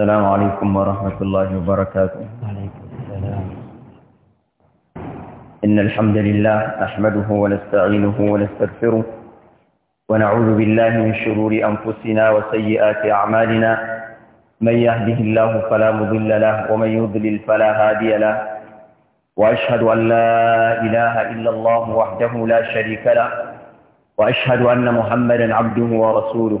السلام عليكم ورحمة الله وبركاته وعليكم السلام إن الحمد لله أحمده ونستعينه ونستغفره ونعوذ بالله من شرور أنفسنا وسيئات أعمالنا من يهده الله فلا مضل له ومن يضلل فلا هادي له وأشهد أن لا إله إلا الله وحده لا شريك له وأشهد أن محمدا عبده ورسوله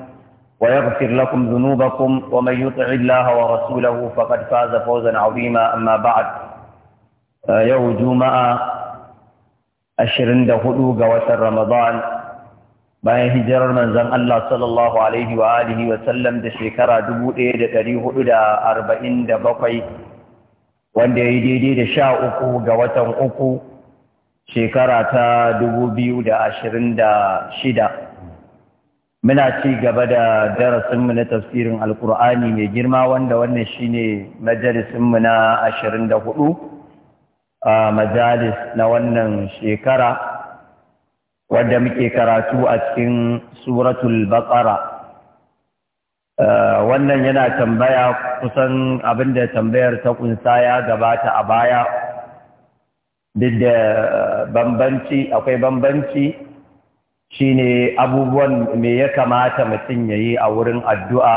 ويغفر لكم ذنوبكم ومن يطع الله ورسوله فقد فاز فوزا عظيما أما بعد يوم جمعة أشرين دهدو قوات رمضان bayan hijirar manzon Allah sallallahu alaihi wa alihi wa sallam da shekara 1447 wanda yayi daidai da sha uku ga watan uku shekara ta 2026 muna ci gaba da darasinmu na tafsirin alkur'ani mai girma wanda wannan shine majalisinmu na ashirin da hudu a majalis na wannan shekara wadda muke karatu a cikin suratul baqara wannan yana tambaya kusan abinda tambayar ta kunsa ya gabata a baya duk da bambanci akwai bambanci Shi ne abubuwan me ya kamata mutum ya yi a wurin addu'a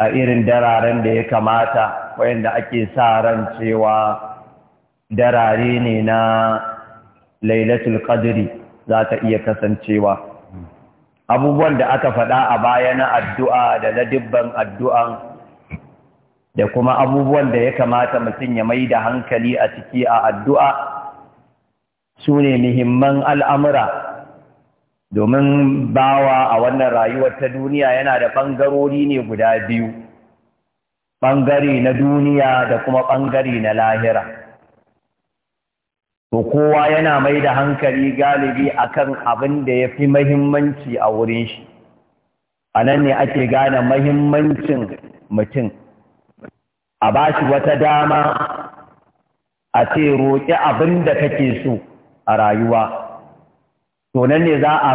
a irin dararen da ya kamata wayanda ake sa ran cewa darare ne na lailatul qadri za ta iya kasancewa abubuwan da aka faɗa a baya na addu'a da na dubban addu'an da kuma abubuwan da ya kamata mutum ya mai da hankali a ciki a addu'a su ne muhimman al'amura domin bawa a wannan rayuwar ta duniya yana da ɓangarori ne guda biyu ɓangare na duniya da kuma ɓangare na lahira to kowa yana mai da hankali galibi akan abin da ya fi mahimmanci a wurin shi a nan ne ake gane mahimmancin mutum a ba shi wata dama a ce roƙi abin da kake so a rayuwa to ne za a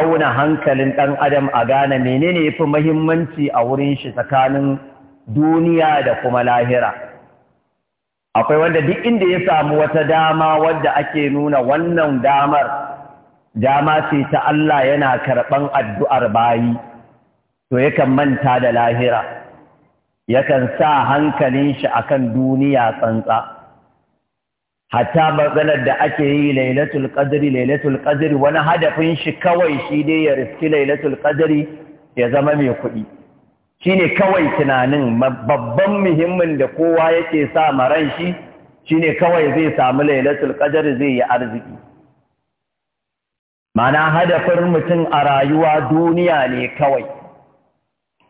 auna hankalin ɗan adam a gane menene yafi muhimmanci a wurin shi tsakanin duniya da kuma lahira akwai wanda duk inda ya samu wata dama wadda ake nuna wannan damar dama ce ta Allah yana karɓan addu'ar bayi to yakan manta da lahira yakan sa hankalin shi akan duniya tsantsa hatta maganar da ake yi lailatul qadri lailatul qadri wani hadafin shi kawai shi dai ya riski lailatul qadri ya zama mai kuɗi shine kawai tunanin babban muhimmin da kowa yake sa maran shi shine kawai zai samu lailatul qadri zai yi arziki mana hadafin mutum a rayuwa duniya ne kawai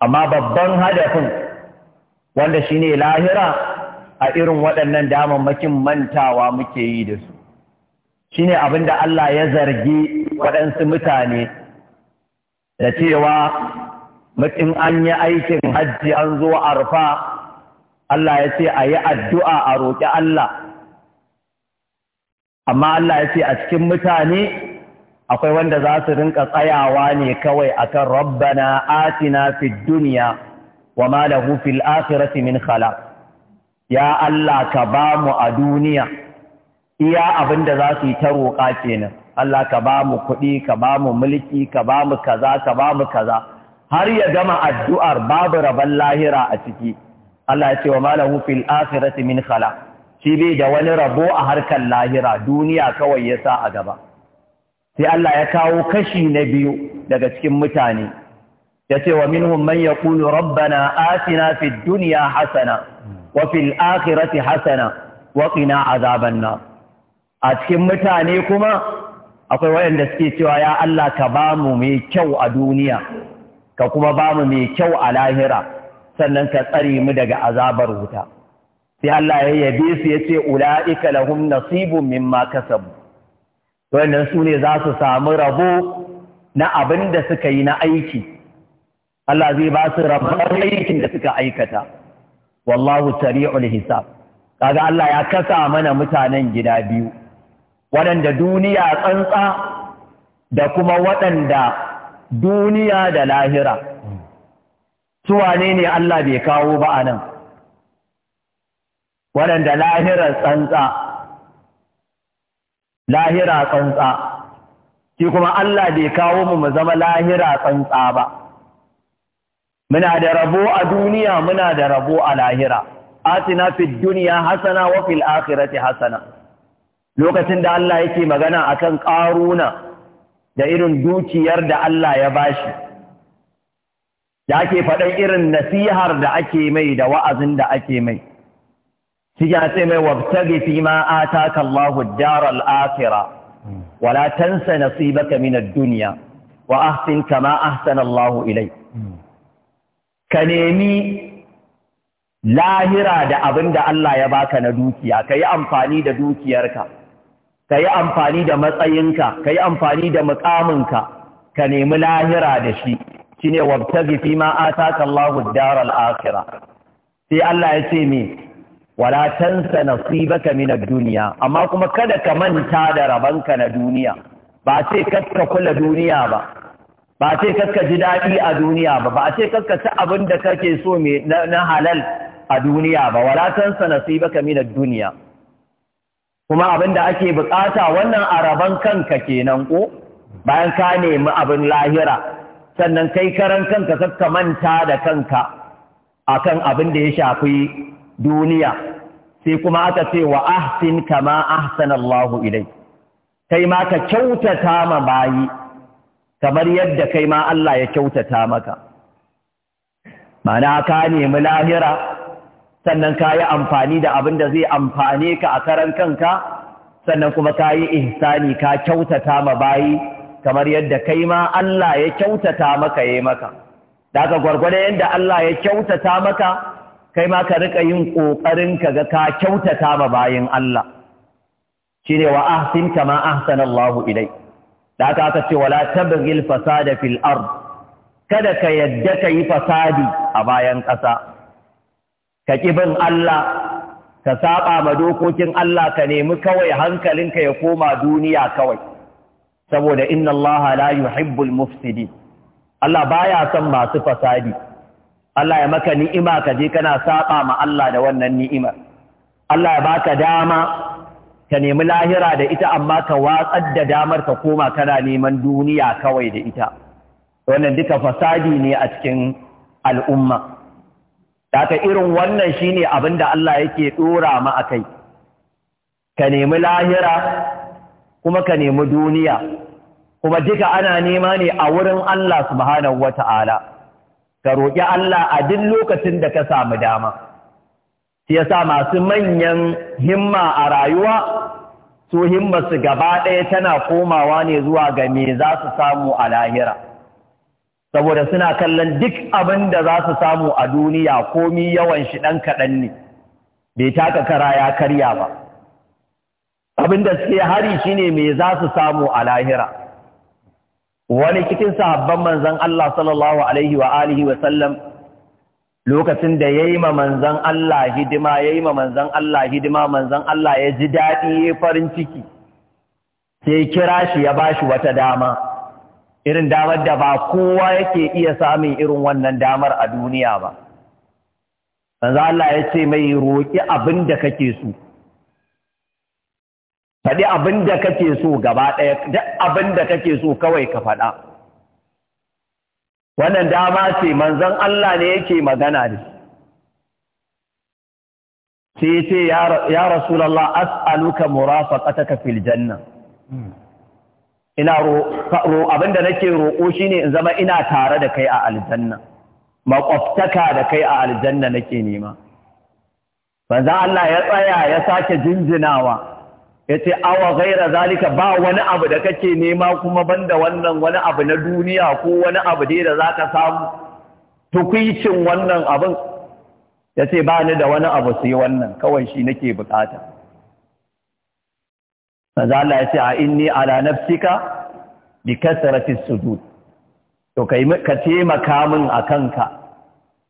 amma babban hadafin wanda shine lahira a irin waɗannan damammakin mantawa muke yi da su shi ne abinda Allah ya zargi waɗansu mutane da cewa in an yi aikin hajji an zo arfa Allah ya ce a yi addu'a a roƙi Allah amma Allah ya ce a cikin mutane akwai wanda za su rinka tsayawa ne kawai akan rabbana atina fi duniya wa ma lahu fil akhirati min khalaq ya Allah ka ba mu a duniya iya abin da za su yi ta roƙa kenan Allah ka ba mu kuɗi ka ba mu mulki ka ba mu kaza ka ba mu kaza har ya gama addu'ar babu rabon lahira a ciki Allah ya ce wa malahu fil akhirati min khala shi bai da wani rabo a harkar lahira duniya kawai ya sa a gaba sai Allah ya kawo kashi na biyu daga cikin mutane ya ce wa minhum man yaqulu rabbana atina fid dunya hasana wa fil akhirati hasana wa qina azaban nar a cikin mutane kuma akwai waɗanda suke cewa ya Allah ka bamu mai kyau a duniya ka kuma bamu mai kyau a lahira sannan ka tsare mu daga azabar wuta sai Allah ya yabe su yace ulaika lahum nasibun mimma kasabu wannan su ne za su samu rabo na abin da suka yi na aiki Allah zai ba su rabon aikin da suka aikata wallahu sari'ul hisab kaga Allah ya kasa mana mutanen gida biyu waɗanda duniya tsantsa da kuma waɗanda duniya da lahira su wane ne Allah bai kawo ba a nan waɗanda lahirar tsantsa lahira tsantsa shi kuma Allah bai kawo mu mu zama lahira tsantsa ba muna da rabo a duniya muna da rabo a lahira atina fid dunya hasana wa fil akhirati hasana lokacin da Allah yake magana akan karuna da irin dukiyar da Allah ya bashi da ake faɗan irin nasihar da ake mai da wa'azin da ake mai shi sai mai wabtagi fi ma ataka Allahu ad-daral akhirah wala tansa nasibaka min ad-dunya wa ahsin kama ahsana Allahu ilayk hmm. ka nemi lahira da abin da Allah ya baka na dukiya ka yi amfani da dukiyarka ka yi amfani da matsayinka ka yi amfani da mukaminka ka nemi lahira da shi shi ne wabta fi ma'a ta kallahu daral al’asira. sai Allah ya ce me wala tansa nasibaka baka mina duniya? amma kuma kada ka manta da rabanka na duniya ba sai ka kula duniya ba ba a ce kakka ji daɗi a duniya ba ba a ce kakka ci abin da kake so na halal a duniya ba wala tansa nasibaka min ad duniya. kuma abin da ake bukata wannan araban kanka kenan ko bayan ka nemi abin lahira sannan kai karan kanka kakka manta da kanka akan abin da ya shafi duniya sai kuma aka ce wa ahsin kama ahsanallahu ilai kai ma ka kyautata ma bayi kamar yadda kai ma Allah ya kyautata maka mana ka nemi lahira sannan ka yi amfani da abin da zai amfane ka a karan kanka sannan kuma ka yi ihsani ka kyautata ma bayi kamar yadda kai ma Allah ya kyautata maka ya maka da ka gwargwada yadda Allah ya kyautata maka kai ma ka rika yin ƙoƙarin ka ga ka kyautata ma bayin Allah shine wa ahsin kama ahsanallahu Allahu ilai. da aka aka ce wala tabghil fasada fil ard kada ka yadda ka yi fasadi a bayan ƙasa ka ki bin Allah ka saba ma dokokin Allah ka nemi kawai hankalinka ya koma duniya kawai saboda inna Allah la yuhibbul mufsidin Allah baya son masu fasadi Allah ya maka ni'ima ka je kana saba ma Allah da wannan ni'imar Allah ya baka dama ka nemi lahira da ita amma ka watsar da damar ka koma kana neman duniya kawai da ita wannan duka fasadi ne a cikin al'umma daga irin wannan shine abin da Allah yake dora mu akai ka nemi lahira kuma ka nemi duniya kuma duka ana nema ne a wurin Allah subhanahu wata'ala ka roƙi Allah a duk lokacin da ka samu dama shi sa masu manyan himma a rayuwa su gaba ɗaya tana komawa ne zuwa ga me za su samu a lahira saboda suna kallon duk abin da za su samu a duniya komi yawan shi ɗan kaɗan ne bai taka kara ya karya ba abin da suke hari shine me za su samu a lahira wani cikin sahabban manzon Allah sallallahu alaihi wa alihi wa sallam lokacin da ya yi ma manzan Allah hidima ya yi ma manzan Allah hidima manzan Allah ya ji daɗi ya farin ciki sai kira shi ya ba shi wata dama irin damar da ba kowa yake iya samun irin wannan damar a duniya ba manzan Allah ya ce mai roƙi abin da kake so faɗi abin da kake so gaba ɗaya duk abin da kake so kawai ka faɗa wannan dama ce manzon Allah ne yake magana da shi. sai ya ce ya rasulullah as'aluka murafaqataka fil janna hmm. ina ro abinda nake roƙo shine in zama ina tare da kai a aljanna maƙwabtaka da kai a aljanna nake nema manzon Allah ya tsaya ya sake jinjinawa ya ce awa gaira zalika ba wani abu da kake nema kuma banda wannan wani abu na duniya ko wani abu dai da za ka samu tukwicin wannan abin ya ce ba ni da wani abu sai wannan kawai shi nake bukata mazala ya ce a inni ala nafsika bi kasrati sujud to kai ka taimaka min a kanka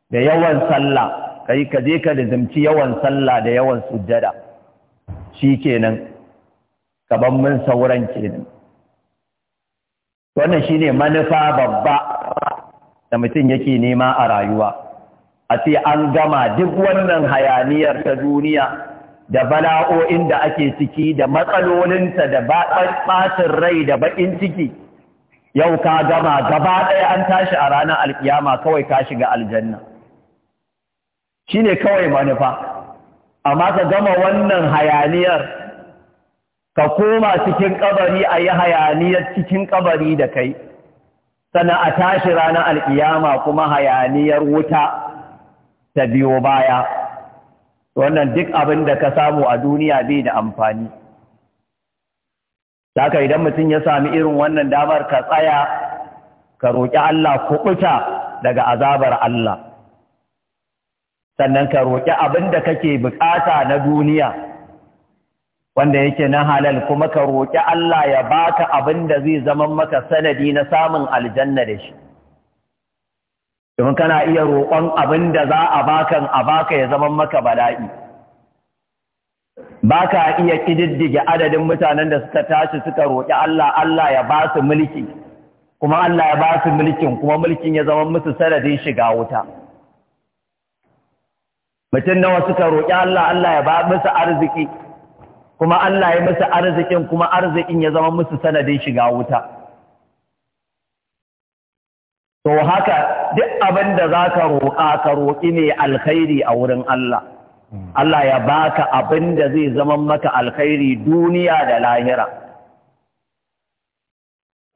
da yawan sallah kai ka je ka da yawan sallah da yawan sujjada shikenan kaban mun sauran kenan wannan shine manufa babba da mutum yake nema a rayuwa a ce an gama duk wannan hayaniyar ta duniya da bala'o'in da ake ciki da matsalolinta da ɓacin rai da baƙin ciki yau ka gama gaba ɗaya an tashi a ranar alkiyama kawai ka shiga aljanna shi ne kawai manufa amma ka gama wannan hayaniyar ka koma cikin kabari a yi hayaniyar cikin kabari da kai sana a tashi ranar al'iyama kuma hayaniyar wuta ta biyo baya wannan duk abin da ka samu a duniya bai da amfani haka idan mutum ya sami irin wannan damar ka tsaya ka roƙi Allah kuɓuta daga azabar Allah sannan ka roƙi abin da kake buƙata na duniya wanda yake na halal kuma ka roƙi Allah ya baka abin da zai zama maka sanadi na samun aljanna da shi domin kana iya roƙon abin da za a bakan a baka ya zama maka bala'i ba ka iya ƙididdige adadin mutanen da suka tashi suka roƙi Allah Allah ya ba su mulki kuma Allah ya ba su mulkin kuma mulkin ya zama musu sanadin shiga wuta mutum nawa suka roƙi Allah Allah ya ba musu arziki kuma Allah ya masa arzikin kuma arzikin ya zama musu sanadin shiga wuta to haka duk abin da za ka roƙa ka roƙi ne alkhairi a wurin Allah Allah ya baka abin da zai zama maka alkhairi duniya da lahira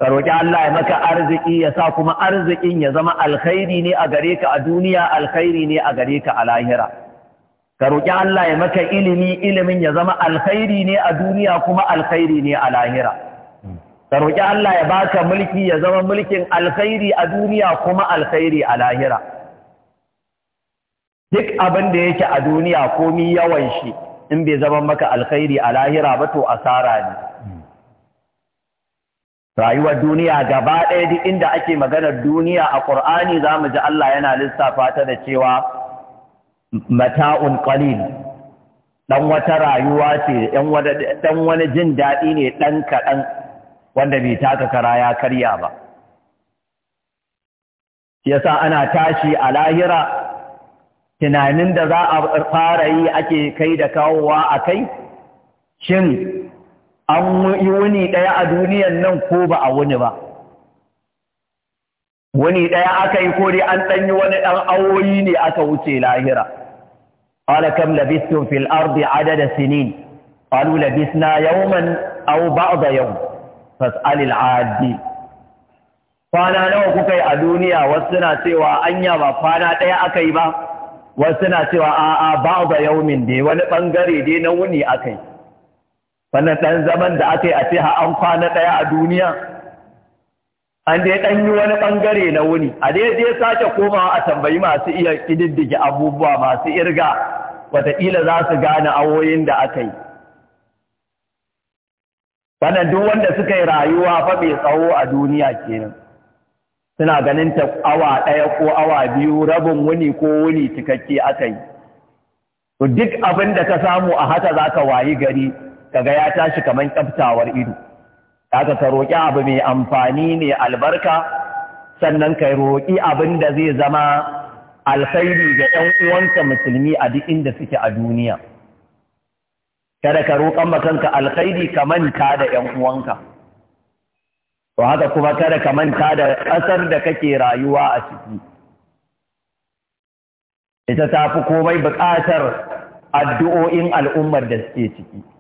ka roƙi Allah ya maka arziki ya sa kuma arzikin ya zama alkhairi ne a gare ka a duniya alkhairi ne a gare ka a lahira ka roƙi Allah ya maka ilimi ilimin ya zama alkhairi ne a duniya kuma alkhairi ne a lahira ka roƙi Allah ya baka mulki ya zama mulkin alkhairi a duniya kuma alkhairi a lahira duk abin da yake a duniya komi yawan shi in bai zama maka alkhairi a lahira ba to asara ne rayuwar duniya gaba ɗaya duk inda ake maganar duniya a ƙur'ani za mu ji Allah yana lissafa ta da cewa mata'un qalil dan wata rayuwa ce dan wani jin daɗi ne dan kaɗan wanda bai taka kara ya karya ba yasa ana tashi a lahira tunanin da za a fara yi ake kai da kawowa a kai shin an yi wuni ɗaya a duniyan nan ko ba a wuni ba wuni ɗaya aka yi ko dai an ɗanyi wani ɗan awoyi ne aka wuce lahira قال كم لبثتم في الأرض عدد سنين قالوا لبثنا يوما أو بعض يوم فاسأل العادي kwana nawa kuka yi a duniya wasu suna cewa anya ba kwana ɗaya aka yi ba wasu suna cewa a'a ba ga yaumin dai wani ɓangare dai na wuni aka yi wannan ɗan zaman da aka yi a ce an kwana ɗaya a duniya an dai ɗan yi wani ɓangare na wuni a dai sake komawa a tambayi masu iya ƙididdige abubuwa masu irga wataƙila za su gane awoyin da aka yi wannan duk wanda suka yi rayuwa fa mai tsawo a duniya kenan suna ganin ta awa ɗaya ko awa biyu rabin wuni ko wuni cikakke aka yi duk abin da ka samu a haka za ka wayi gari ka ga ya tashi kamar kyaftawar ido Haka ka roƙi abu mai amfani mai albarka, sannan ka roƙi abin da zai zama alkhairi ga ‘yan uwanka musulmi a duk inda suke a duniya. Kada ka roƙan makanka alkhairi ka manta da ‘yan uwanka. To haka kuma kada ka manta da ƙasar da kake rayuwa a ciki. Ita ta fi komai buƙatar addu'o'in al'ummar da suke ciki.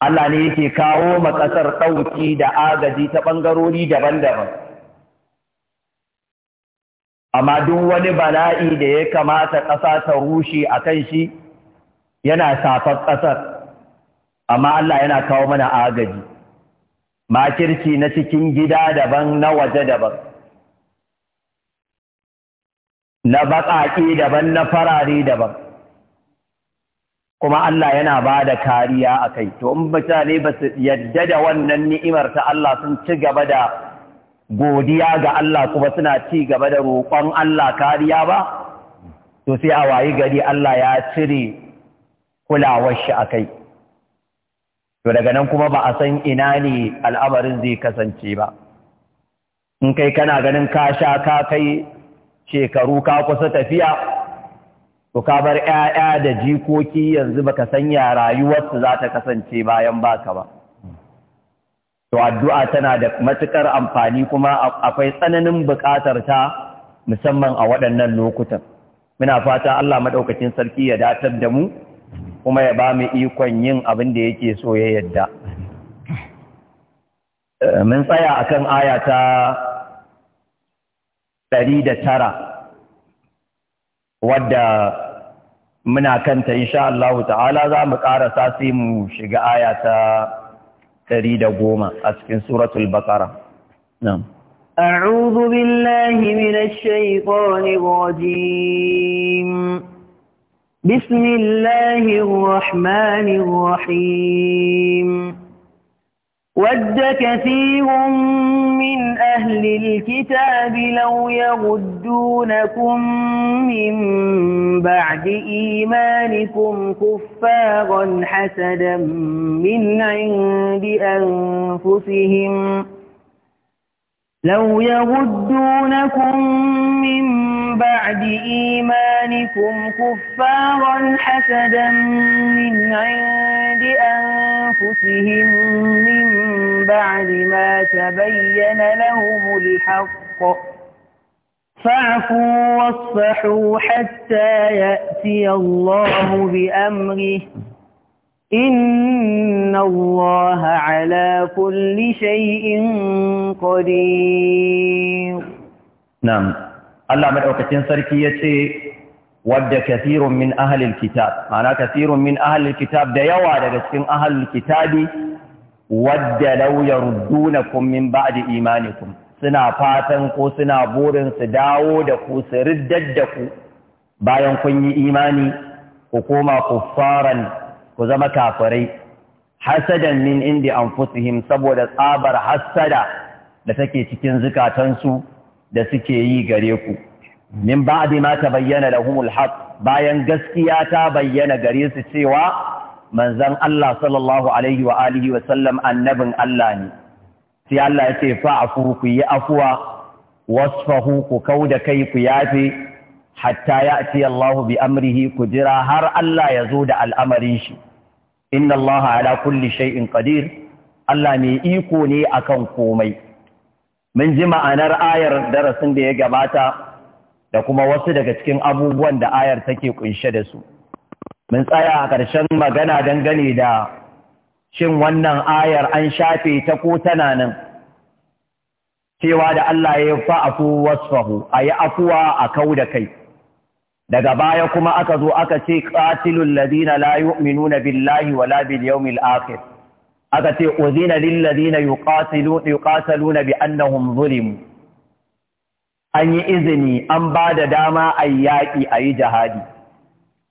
Allah ne yake kawo ma ƙasar ɗauki da agaji ta ɓangarori daban-daban. Amma duk wani bala'i da ya kamata ƙasa ta rushe a kan shi yana safar ƙasar, amma Allah yana kawo mana agaji. ma kirki na cikin gida daban na waje daban. Na baƙaƙe daban na farare daban. kuma Allah yana ba da kariya a kai to in mutane ba su yadda da wannan ni'imar ta Allah sun ci gaba da godiya ga Allah kuma suna ci gaba da roƙon Allah kariya ba to sai a wayi gari Allah ya cire kulawar shi a kai to daga nan kuma ba a san ina ne al'amarin zai kasance ba in kai kana ganin ka sha ka kai shekaru ka kusa tafiya to ka bar 'ya'ya da jikoki yanzu baka sanya rayuwarsu za ta kasance bayan baka ba to addu'a tana da matukar amfani kuma akwai tsananin buƙatar ta musamman a waɗannan lokutan muna fata Allah maɗaukacin sarki ya datar da mu kuma ya ba mu ikon yin abin da yake so ya yadda eh, mun tsaya akan aya ta ɗari da tara wadda muna kanta insha Allah ta'ala za mu ƙarasa sai mu shiga aya ta goma a cikin suratul baqara na'am a'udhu billahi minash shaitanir rajim bismillahir rahmanir rahim ود كثير من أهل الكتاب لو يغدونكم من بعد إيمانكم كفارا حسدا من عند أنفسهم لو يردونكم من بعد إيمانكم كفارا حسدا من عند أنفسهم من بعد ما تبين لهم الحق فاعفوا واصفحوا حتى يأتي الله بأمره إن الله على كل شيء قدير نعم الله مدعوكتين سركية ود كثير من أهل الكتاب معنى كثير من أهل الكتاب ديوى لكن أهل الكتاب ود لو يردونكم من بعد إيمانكم suna fatan ko suna burin su dawo da ku su riddar da ku bayan kun yi imani ku koma kuffaran ku zama kafirai hasadan min indi anfusihim saboda tsabar hasada da take cikin zukatansu da suke yi gare ku min ba'di ma tabayyana lahumul haqq bayan gaskiya ta bayyana gare su cewa manzon Allah sallallahu alaihi wa alihi wa sallam annabin Allah ne sai Allah ya ce fa'fu ku yi afwa wasfahu ku kauda kai ku yafe hatta ya'ti Allahu bi amrihi ku jira har Allah ya zo da al'amarin shi inna Allah ala kulli shay'in qadir Allah mai iko ne akan komai mun ji ma'anar ayar darasin da ya gabata da kuma wasu daga cikin abubuwan da ayar take kunshe da su mun tsaya a ƙarshen magana dangane da shin wannan ayar an shafe ta ko tana nan cewa da Allah ya fa'afu wasfahu ayi afuwa a kau da kai daga baya kuma aka zo aka ce qatilul ladina la yu'minuna billahi wala bil yawmil akhir aka ce uzina lil ladina yuqatiluna na bi annahum zulimu an yi izini an ba da dama a yi yaƙi a yi jihadi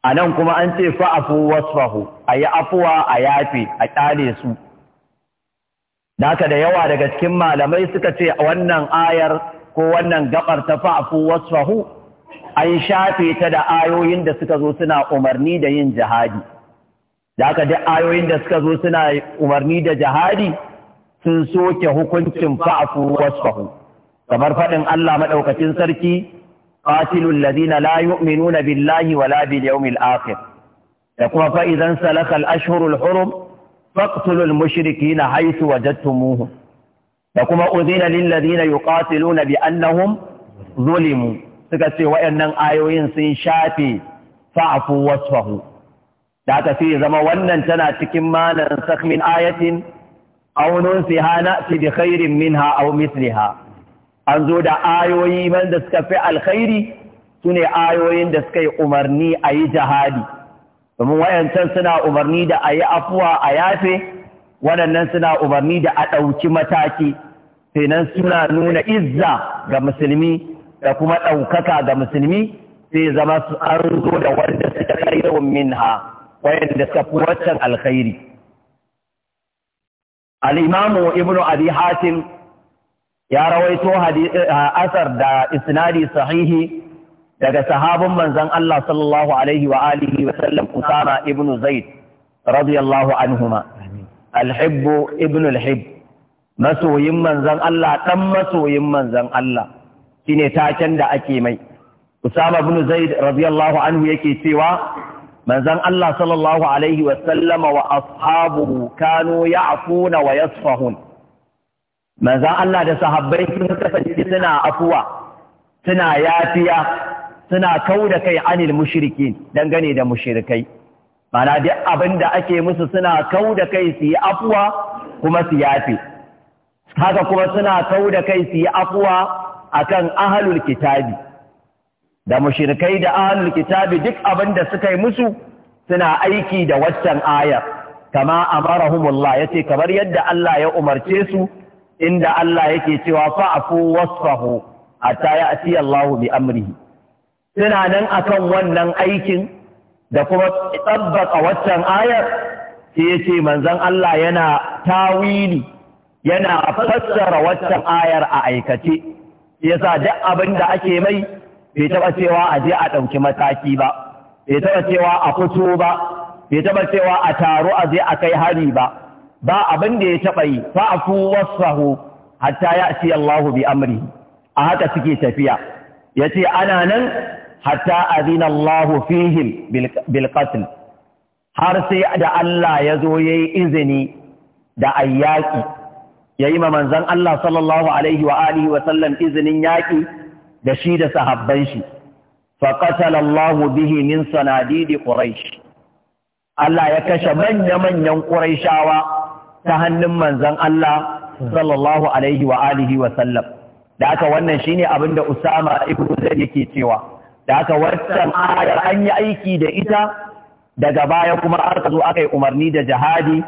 a nan kuma an ce fa'afu wasfahu a yi afuwa a yafe a ƙyale su Daka da yawa daga cikin malamai suka ce wannan ayar ko wannan gabar ta fa'afu wasfahu an shafe ta da ayoyin da suka zo suna umarni da yin jihadi da haka duk ayoyin da suka zo suna umarni da jihadi sun soke hukuncin fa'afu wasfahu kamar faɗin Allah maɗaukacin sarki qatilul ladina la yu'minuna billahi wala bil yawmil akhir da kuma fa'izan salakal salaka al ashhurul hurum faqtulul mushrikina haythu wajadtumuhum da kuma udhina lil ladina yuqatiluna bi annahum zulimu suka ce waɗannan ayoyin sun shafe fa'afu wasfahu da aka fi zama wannan tana cikin manan sakmin ayatin aunin fi hana da khairin minha au an zo da ayoyi da suka fi alkhairi su ne ayoyin da suka yi umarni a yi jihadi domin wayancan suna umarni da a yi afuwa a yafe waɗannan suna umarni da a ɗauki mataki sai nan suna nuna izza ga musulmi da kuma ɗaukaka ga musulmi sai zama su an zo da wanda suka khairun minha wayanda suka fi waccan alkhairi al-imamu ibnu abi hatim ya rawaito eh, asar da isnadi sahihi daga sahabin manzon Allah sallallahu alaihi wa alihi wa sallam Usama ibn Zaid radiyallahu anhuma alhibbu hibb ibn masoyin manzan Allah dan masoyin manzon Allah shine taken da ake mai Usama bin Zaid radiyallahu anhu yake cewa manzon Allah sallallahu alaihi wa sallama wa ashabuhu kanu ya'funa wa yasfahun manzon Allah da sahabbai sun kasance suna afuwa suna yafiya suna kauda kai anil mushrikin dangane da mushrikai mana duk abin da ake musu suna kauda kai su yi afuwa kuma su yafi haka kuma suna kauda kai su yi afuwa akan ahalul kitabi da mushrikai da ahalul kitabi duk abin da suka yi musu suna aiki da waccan ayar kama amarahumullah yace kamar yadda Allah ya umarce su inda Allah yake cewa fa'afu wasfahu hatta ya'ti Allahu bi amrihi suna nan akan wannan aikin da kuma tsabbaka waccan ayar sai yace manzon Allah yana tawili yana fassara waccan ayar a aikace Ya sa duk abin da ake mai bai taɓa cewa a je a ɗauki mataki ba bai taɓa cewa a fito ba bai taɓa cewa a taro a je a kai hari ba ba abin da ya taɓa yi fa wasu wasahu hatta ya ci Allahu bi amri a haka suke tafiya Ya ce ana nan hatta azina Allahu fihim bil har sai da Allah ya zo yayi izini da ayyaki ya yi ma manzan Allah sallallahu Alaihi wa alihi wa sallam izinin yaƙi da shi da sahabban shi, faƙatalallahu bihi min sanadidi ƙuraishi. Allah ya kashe manya-manyan ƙuraishawa ta hannun manzan Allah sallallahu Alaihi wa alihi wa sallam. Da aka wannan shi ne abin da Usama Ibn Zaid yake cewa, da aka wancan ayar an yi aiki da ita daga baya kuma aka zo aka yi umarni da jihadi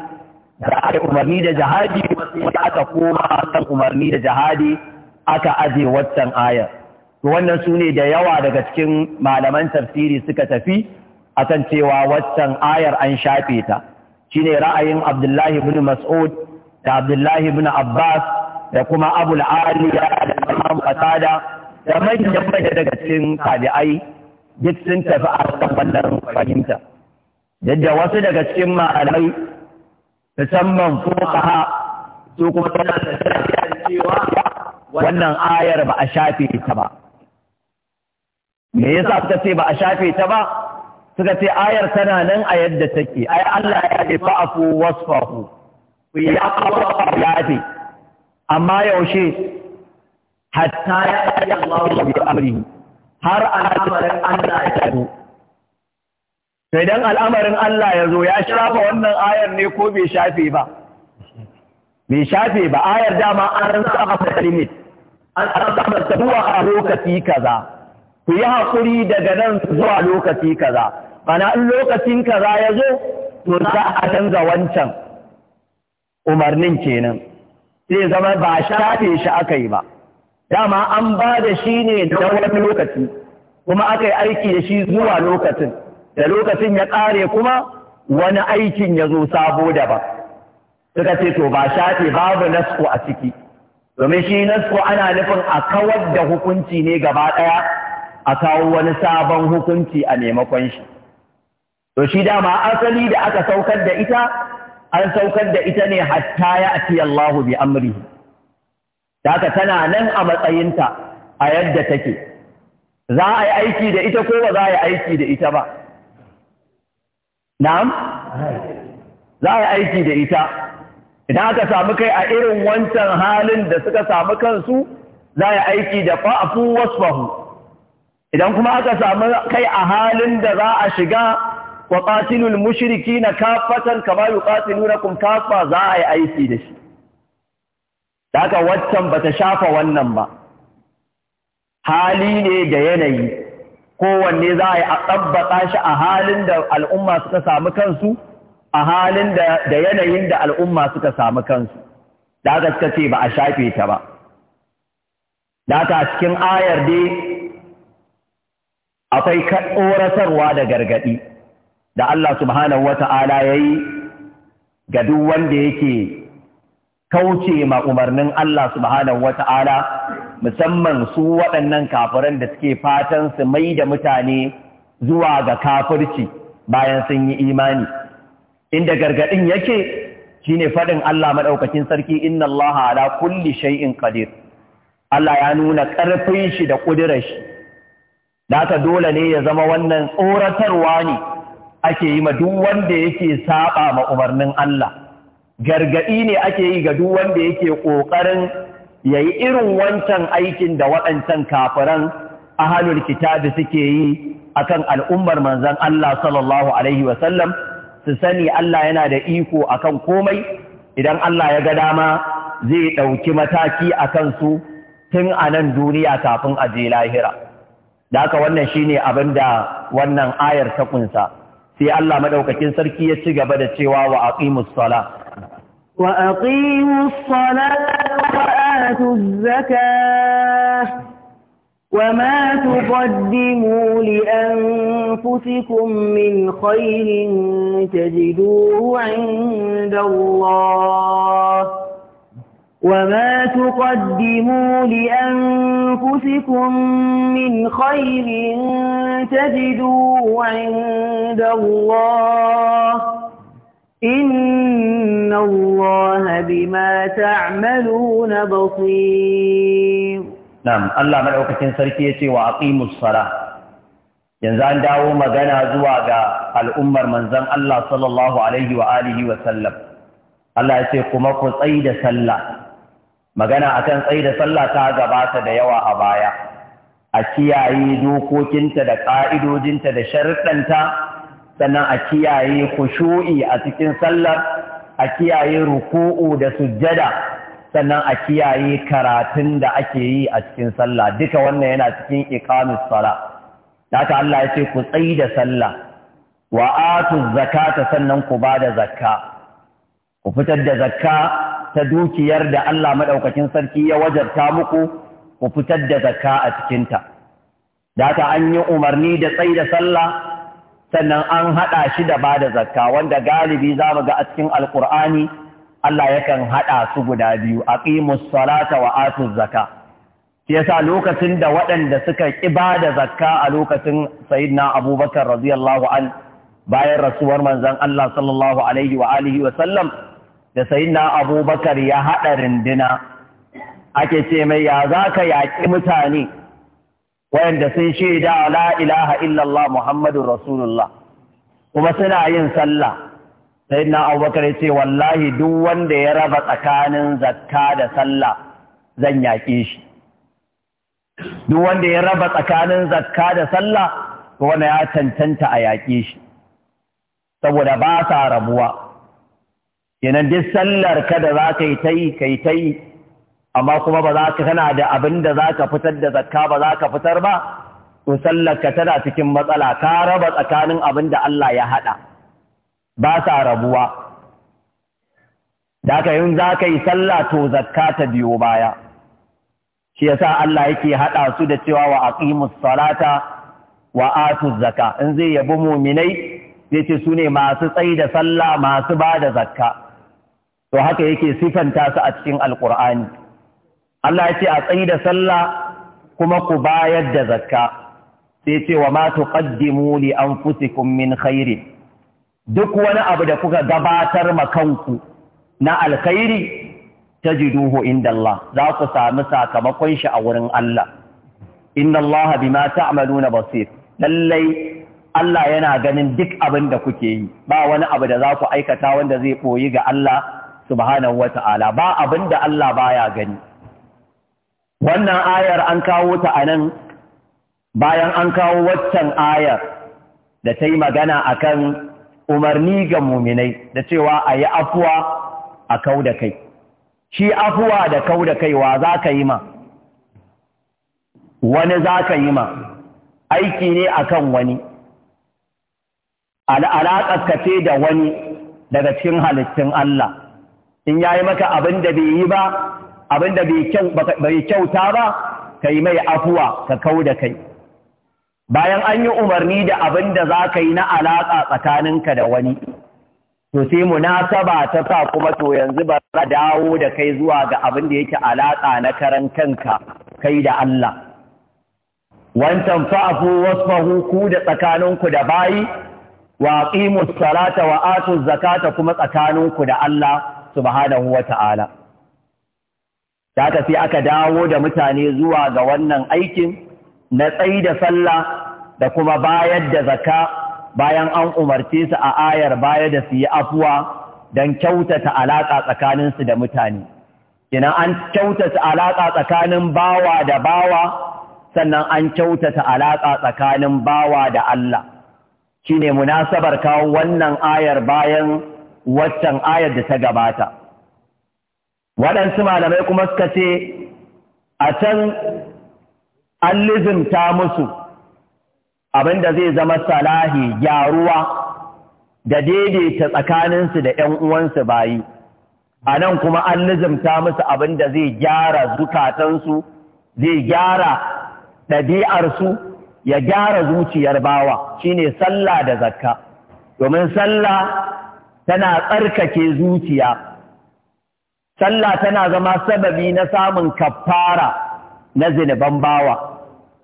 da aka umarni da jihadi wanda aka koma kan umarni da jihadi aka aje waccan ayar to wannan su ne da yawa daga cikin malaman tafsiri suka tafi akan cewa waccan ayar an shafe ta shine ra'ayin Abdullahi ibn Mas'ud da Abdullahi ibn Abbas da kuma Abu al da Imam Qatada da manyan manyan daga cikin tabi'ai duk sun tafi a kan wannan fahimta yadda wasu daga cikin malamai musamman fuqaha su kuma tana da cewa wannan ayar ba a shafe ta ba me yasa suka ce ba a shafe ta ba suka ce ayar tana nan a yadda take ai Allah ya ce fa'afu wasfahu ku ya kawo yafi amma yaushe hatta ya Allah bi amri har a nan Allah ya yi. sai dan al'amarin Allah ya zo ya shafa wannan ayar ne ko bai shafe ba bai shafe ba ayar dama an rantsa a limit an rantsa masa zuwa a lokaci kaza ku yi haƙuri daga nan zuwa lokaci kaza mana in lokacin kaza ya zo to za a canza wancan umarnin kenan sai zama ba shafe shi aka yi ba dama an ba da shi ne da wani lokaci kuma aka yi aiki da shi zuwa lokacin da lokacin ya ƙare kuma wani aikin ya zo sabo daban suka ce to ba shafe babu nasko a ciki domin shi nasko ana nufin a kawar da hukunci ne gaba ɗaya a kawo wani sabon hukunci a maimakon shi to shi dama asali da aka saukar da ita an saukar da ita ne hatta ya ake Allahu bi Da haka tana nan a matsayinta a yadda take za a yi aiki da ita ko ba za a yi aiki da ita ba na'am za a yi aiki da ita idan aka samu kai a irin wancan halin da suka samu kansu za a yi aiki da fa'afu wasfahu idan kuma aka samu kai a halin da za a shiga wa mushiriki na kafatan kama na kafa za a yi aiki da shi Da wancan waccan ta shafa wannan ba hali ne da yanayi kowanne za a yi a tsabbata shi a halin da al'umma suka samu kansu a halin da yanayin da al'umma suka samu kansu da aka suka ce ba a shafe ta ba da aka cikin ayar dai akwai tsoratarwa da gargaɗi da Allah subhanahu wa ta'ala ya yi ga duk wanda yake kauce ma umarnin Allah subhanahu wa ta'ala musamman su waɗannan kafiran da suke fatan su mai da mutane zuwa ga kafirci bayan sun yi imani inda gargaɗin yake ne faɗin Allah maɗaukacin sarki inna Allah ala kulli shay'in qadir Allah ya nuna ƙarfin shi da ƙudurar shi Daka dole ne ya zama wannan tsoratarwa ne ake yi ma duk wanda yake saba ma umarnin Allah gargaɗi ne ake yi ga duk wanda yake ƙoƙarin ya yi irin wancan aikin da waɗancan kafiran halin kitabi suke yi a kan al'ummar manzan Allah sallallahu Alaihi wasallam su sani Allah yana da iko a kan komai idan Allah ya ga dama zai ɗauki mataki a kansu tun a nan duniya kafin a je lahira. Da haka wannan shi ne abin da wannan ayar ta kunsa, sai Allah maɗaukakin sarki ya ci gaba da cewa wa aqimus sala. Wa aqimus sala وآتوا الزكاة وما تقدموا لأنفسكم من خير تجدوه عند الله وما تقدموا لأنفسكم من خير تجدوه عند الله إن الله بما تعملون بصير نعم الله ملعوكة سركية وأقيموا الصلاة ينزان داو مغانا زواغا الأمر منزان الله صلى الله عليه وآله وسلم الله يتقوم قصيد سلا مغانا أكن قصيد سلا تاغبات ديوا أبايا أكيا يدوكو كنت دا قائدو جنت دا شرطنتا sannan a kiyaye khushu'i a cikin sallar a kiyaye ruku'u da sujjada sannan a kiyaye karatun da ake yi a cikin sallah duka wannan yana cikin iqamus sala haka Allah ya ce ku tsayi da sallah wa atu zakata sannan ku ba da zakka ku fitar da zakka ta dukiyar da Allah madaukakin sarki ya wajarta muku ku fitar da zakka a cikinta da haka an yi umarni da tsayi da sallah sannan an haɗa shi da ba da zakka wanda galibi za mu ga a cikin alkur'ani Allah yakan haɗa su guda biyu A salata wa atuz zakka shi yasa lokacin da waɗanda suka ƙi ba da zakka a lokacin sayyidina abubakar radiyallahu an bayan rasuwar manzon Allah sallallahu alaihi wa alihi wa sallam da sayyidina abubakar ya haɗa rindina ake ce mai ya zaka yaƙi mutane wayanda sun shaida la ilaha illallah muhammadun rasulullah kuma suna yin sallah sai na abubakar ya ce wallahi duk wanda ya raba tsakanin zakka da sallah zan yaƙe shi duk wanda ya raba tsakanin zakka da sallah to wanda ya cancanta a yaƙe shi saboda ba sa rabuwa kenan duk sallar ka da za ka yi ta yi ka yi ta yi amma kuma ba za ka kana da abin da za ka fitar da zakka ba za ka fitar ba to sallarka tana cikin matsala ka raba tsakanin abin da Allah ya haɗa ba sa rabuwa da ka yin za ka yi sallah to zakka ta biyo baya shi yasa Allah yake haɗa su da cewa wa Aqimu salata wa zakka in zai yabi muminai zai ce su ne masu tsayi da sallah masu ba da zakka to haka yake sifanta su a cikin alkur'ani Allah ya ce a tsayi da sallah kuma ku bayar da zakka sai ce wa ma tuqaddimu li anfusikum min khairin duk wani abu da kuka gabatar ma kanku na alkhairi tajiduhu inda Allah za ku sami sakamakon shi a wurin Allah inna Allah bima ta'maluna basir lallai Allah yana ganin duk abin da kuke yi ba wani abu da za ku aikata wanda zai koyi ga Allah subhanahu wata'ala ba abin da Allah baya gani wannan ayar an kawo ta a nan bayan an kawo waccan ayar da ta yi magana a kan umarni ga muminai da cewa a yi afuwa a kau da kai shi afuwa da kau da kaiwa za ka yi ma wani za ka yi ma aiki ne a kan wani ce da wani daga cikin halittun Allah in ya yi maka abin da bai yi ba abinda bai kyauta ba ka yi mai afuwa ka kau da kai bayan an yi umarni da abin da za ka yi na alaƙa tsakaninka da wani to sai munasaba ta sa kuma to yanzu ba za dawo da kai zuwa ga abin da yake alaƙa na karan kanka kai da Allah wancan fa'afu wasfahu ku da tsakaninku da bayi wa aqimus salata wa atuz zakata kuma tsakaninku da Allah subhanahu wa ta'ala ta haka sai aka dawo da mutane zuwa ga wannan aikin na tsayi da sallah da kuma bayar da zaka bayan an umarce su a ayar bayar da su yi afuwa don kyautata alaƙa tsakaninsu da mutane. Ina an kyautata alaƙa tsakanin bawa da bawa, sannan an kyautata alaƙa tsakanin bawa da Allah. shine munasabar kawo wannan ayar bayan waccan ayar da ta gabata. waɗansu malamai kuma suka ce a can an lizimta musu abinda zai zama salahi gyaruwa da daidaita tsakaninsu da ‘yan uwansu bayi a nan kuma an lizimta musu abinda zai gyara zukatansu zai gyara ɗabi'arsu ya gyara zuciyar bawa shine sallah da zakka domin sallah tana tsarkake zuciya sallah tana zama sababi na samun kafara na zinuban bawa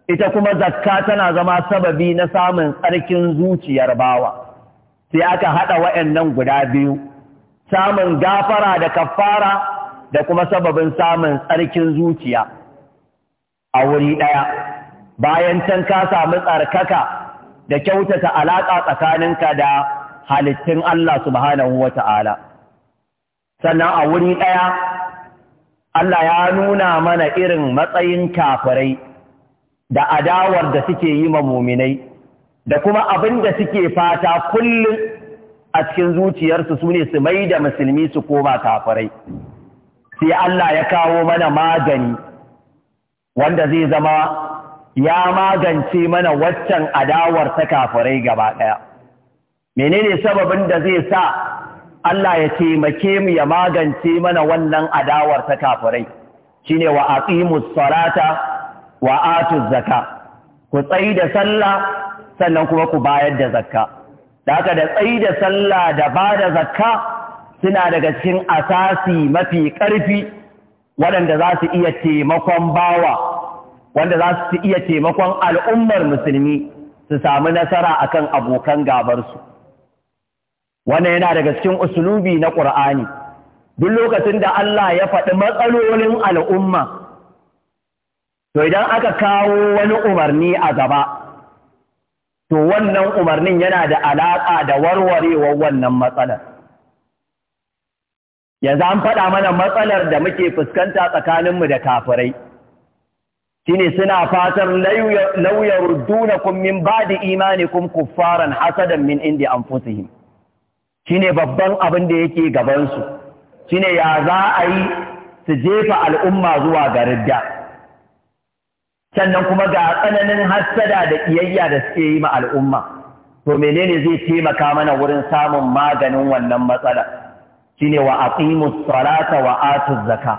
ita kuma zakka tana zama sababi na samun tsarkin zuciyar bawa sai aka haɗa wayannan guda biyu samun gafara da kafara da kuma sababin samun tsarkin zuciya a wuri ɗaya bayan can ka samu tsarkaka da kyautata alaƙa tsakaninka da halittun Allah subhanahu wa ta'ala sannan a wuri ɗaya Allah ya nuna mana irin matsayin kafirai da adawar da suke yi ma muminai da kuma abin da suke fata kullum a cikin zuciyarsu su ne su mai da musulmi su koma kafirai sai Allah ya kawo mana magani wanda zai zama ya magance mana waccan adawar ta kafirai gaba ɗaya menene sababin da zai sa Allah ya taimake mu ya magance mana wannan adawar ta kafirai shine wa aqimus salata wa atuz zaka ku tsayi da sallah sannan kuma ku bayar da zakka da da tsayi da sallah da ba da zakka suna daga cikin asasi mafi karfi waɗanda za su iya taimakon bawa wanda za su iya taimakon al'ummar musulmi su samu nasara akan abokan gabar su. wannan yana daga cikin usulubi na ƙur'ani duk lokacin da Allah ya faɗi matsalolin al'umma to idan aka kawo wani umarni a gaba to wannan umarnin yana da alaƙa da warwarewar wannan matsalar yanzu an faɗa mana matsalar da muke fuskanta tsakaninmu da kafirai shine suna fatar lauyar duna kun min ba da imani kun kuffaran hasadan min indi anfusihim shine babban abin da yake gabansu shine ya za a yi su jefa al'umma zuwa ga sannan kuma ga tsananin hassada da ƙiyayya da suke yi ma al'umma to menene zai taimaka mana wurin samun maganin wannan matsala shine wa aqimus salata wa atuz zaka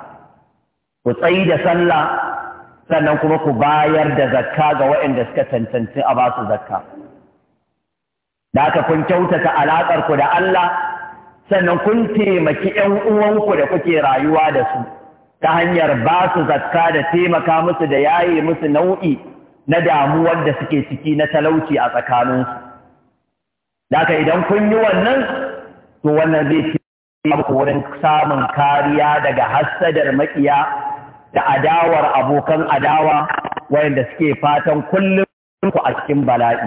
ku tsayi da sallah sannan kuma ku bayar da zakka ga waɗanda suka cancanci a ba su zakka da aka kun kyautata alaƙar ku da Allah sannan kun taimaki ƴan uwanku da kuke rayuwa da su ta hanyar ba su zakka da taimaka musu da yaye musu nau'i na damuwar da suke ciki na talauci a tsakaninsu da aka idan kun yi wannan to wannan zai taimaka wurin samun kariya daga hassadar maƙiya da adawar abokan adawa wayanda suke fatan kullum ku a cikin bala'i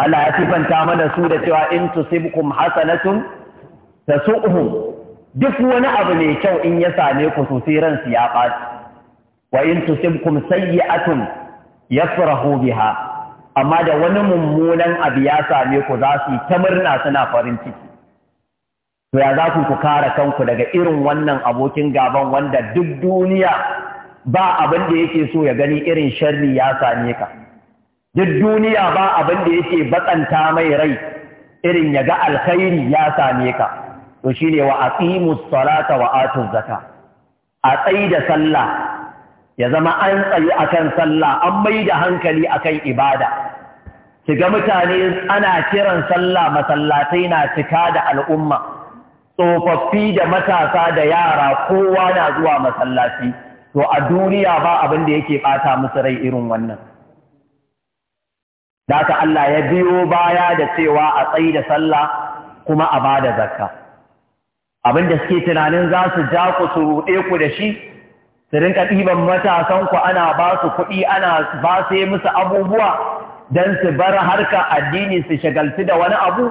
Allah ya sifanta mana su da cewa in tusibkum hasanatun tasuhu duk wani abu ne kyau in ya same ku su sai ran su ya ɓaci wa in tusibkum sayyi'atun yafrahu biha amma da wani mummunan abu ya same ku za su ta murna suna farin ciki to ya za ku ku kare kanku daga irin wannan abokin gaban wanda duk duniya ba abin da yake so ya gani irin sharri ya same ka duk duniya ba abin da yake batsanta mai rai irin ya ga alkhairi ya same ka to shine wa aqimus salata wa zaka a tsayi da sallah ya zama an tsayi akan sallah an mai da hankali akan ibada ga mutane ana kiran sallah masallatai na cika da al'umma tsofaffi da matasa da yara kowa na zuwa masallaci to a duniya ba abin da yake bata musu rai irin wannan da Allah ya biyo baya da cewa a tsayi da sallah kuma a ba da zakka abin da suke tunanin za su ja ku su ruɗe ku da shi su rinka ɗiban matasan ku ana ba su kuɗi ana ba su yi musu abubuwa don su bar harka addini su shagaltu da wani abu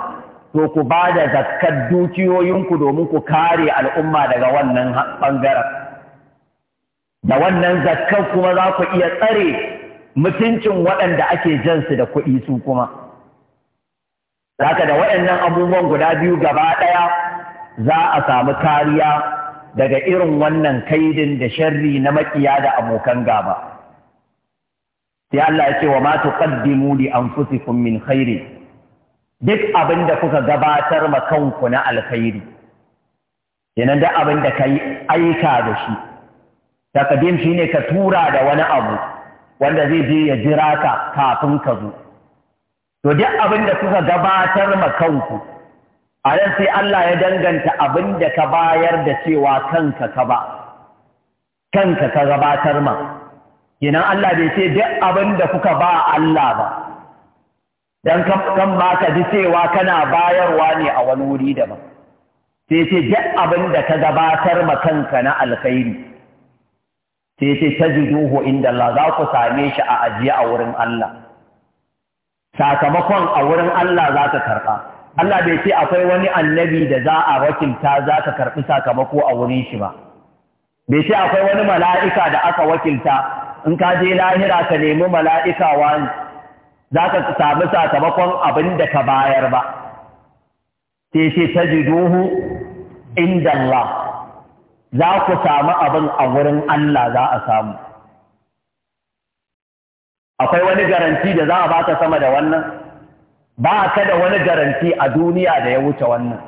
to ku ba da zakkar dukiyoyinku domin ku kare al'umma daga wannan ɓangaren da wannan zakkar kuma za ku iya tsare mutuncin waɗanda ake jansu da kuɗi su kuma. Zaka da waɗannan abubuwan guda biyu gaba ɗaya za a samu kariya daga irin wannan kaidin da sharri na maƙiya da abokan gaba. Sai Allah ya ce wa ma tuqaddimu li anfusikum min khairi duk abin da kuka gabatar ma kanku na alkhairi. Yana da abin da ka aika da shi, shi shine ka tura da wani abu. wanda zai je ya jira ka kafin ka zo to duk abin da kuka gabatar ma kanku a nan sai Allah ya danganta abin da ka bayar da cewa kanka ka ba kanka ka gabatar ma kenan Allah bai ce duk abin da kuka ba Allah ba don kan ka ji cewa kana bayarwa ne a wani wuri daban sai ce duk abin da ka gabatar ma kanka na alkhairi sai ce tajiduhu inda Allah za ku same shi a ajiye a wurin Allah sakamakon a wurin Allah za ka karɓa Allah bai ce akwai wani annabi da za a wakilta za ka karɓi sakamako a wurin shi ba bai ce akwai wani mala'ika da aka wakilta in ka je lahira ka nemi mala'ika wani za ka sami sakamakon abin da ka bayar ba sai ce tajiduhu inda Allah za ku samu abin a wurin Allah za a samu akwai wani garanti da za a baka sama da wannan ba ka da wani garanti a duniya da ya wuce wannan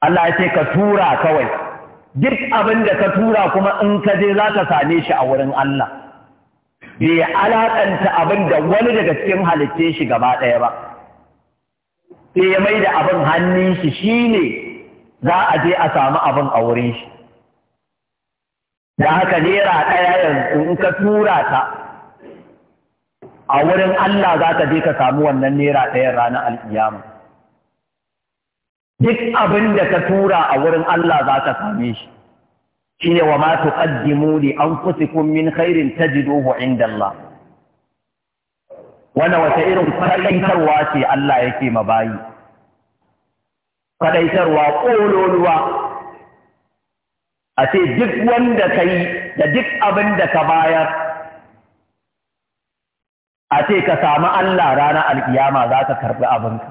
Allah ya ce ka tura kawai duk abin da ka tura kuma in ka je za ka same shi a wurin Allah bai alaƙanta abin da wani daga cikin halitte shi gaba ɗaya ba sai ya mai da abin hannun shi shi ne. za a je a samu abin a wurin shi da haka nera ɗaya yanzu in ka tura ta a wurin Allah za ka je ka samu wannan nera ɗayan ranar al'iyama duk abin da ka tura a wurin Allah za ka same shi shi ne wa ma tuqaddimu li anfusikum min khairin tajiduhu inda Allah wannan wata irin kaɗaitarwa ce Allah yake ma bayi ko ƙololuwa a ce duk wanda ka yi da duk abin da ka bayar a ce ka sami Allah ranar alkiyama za ka karɓi abinka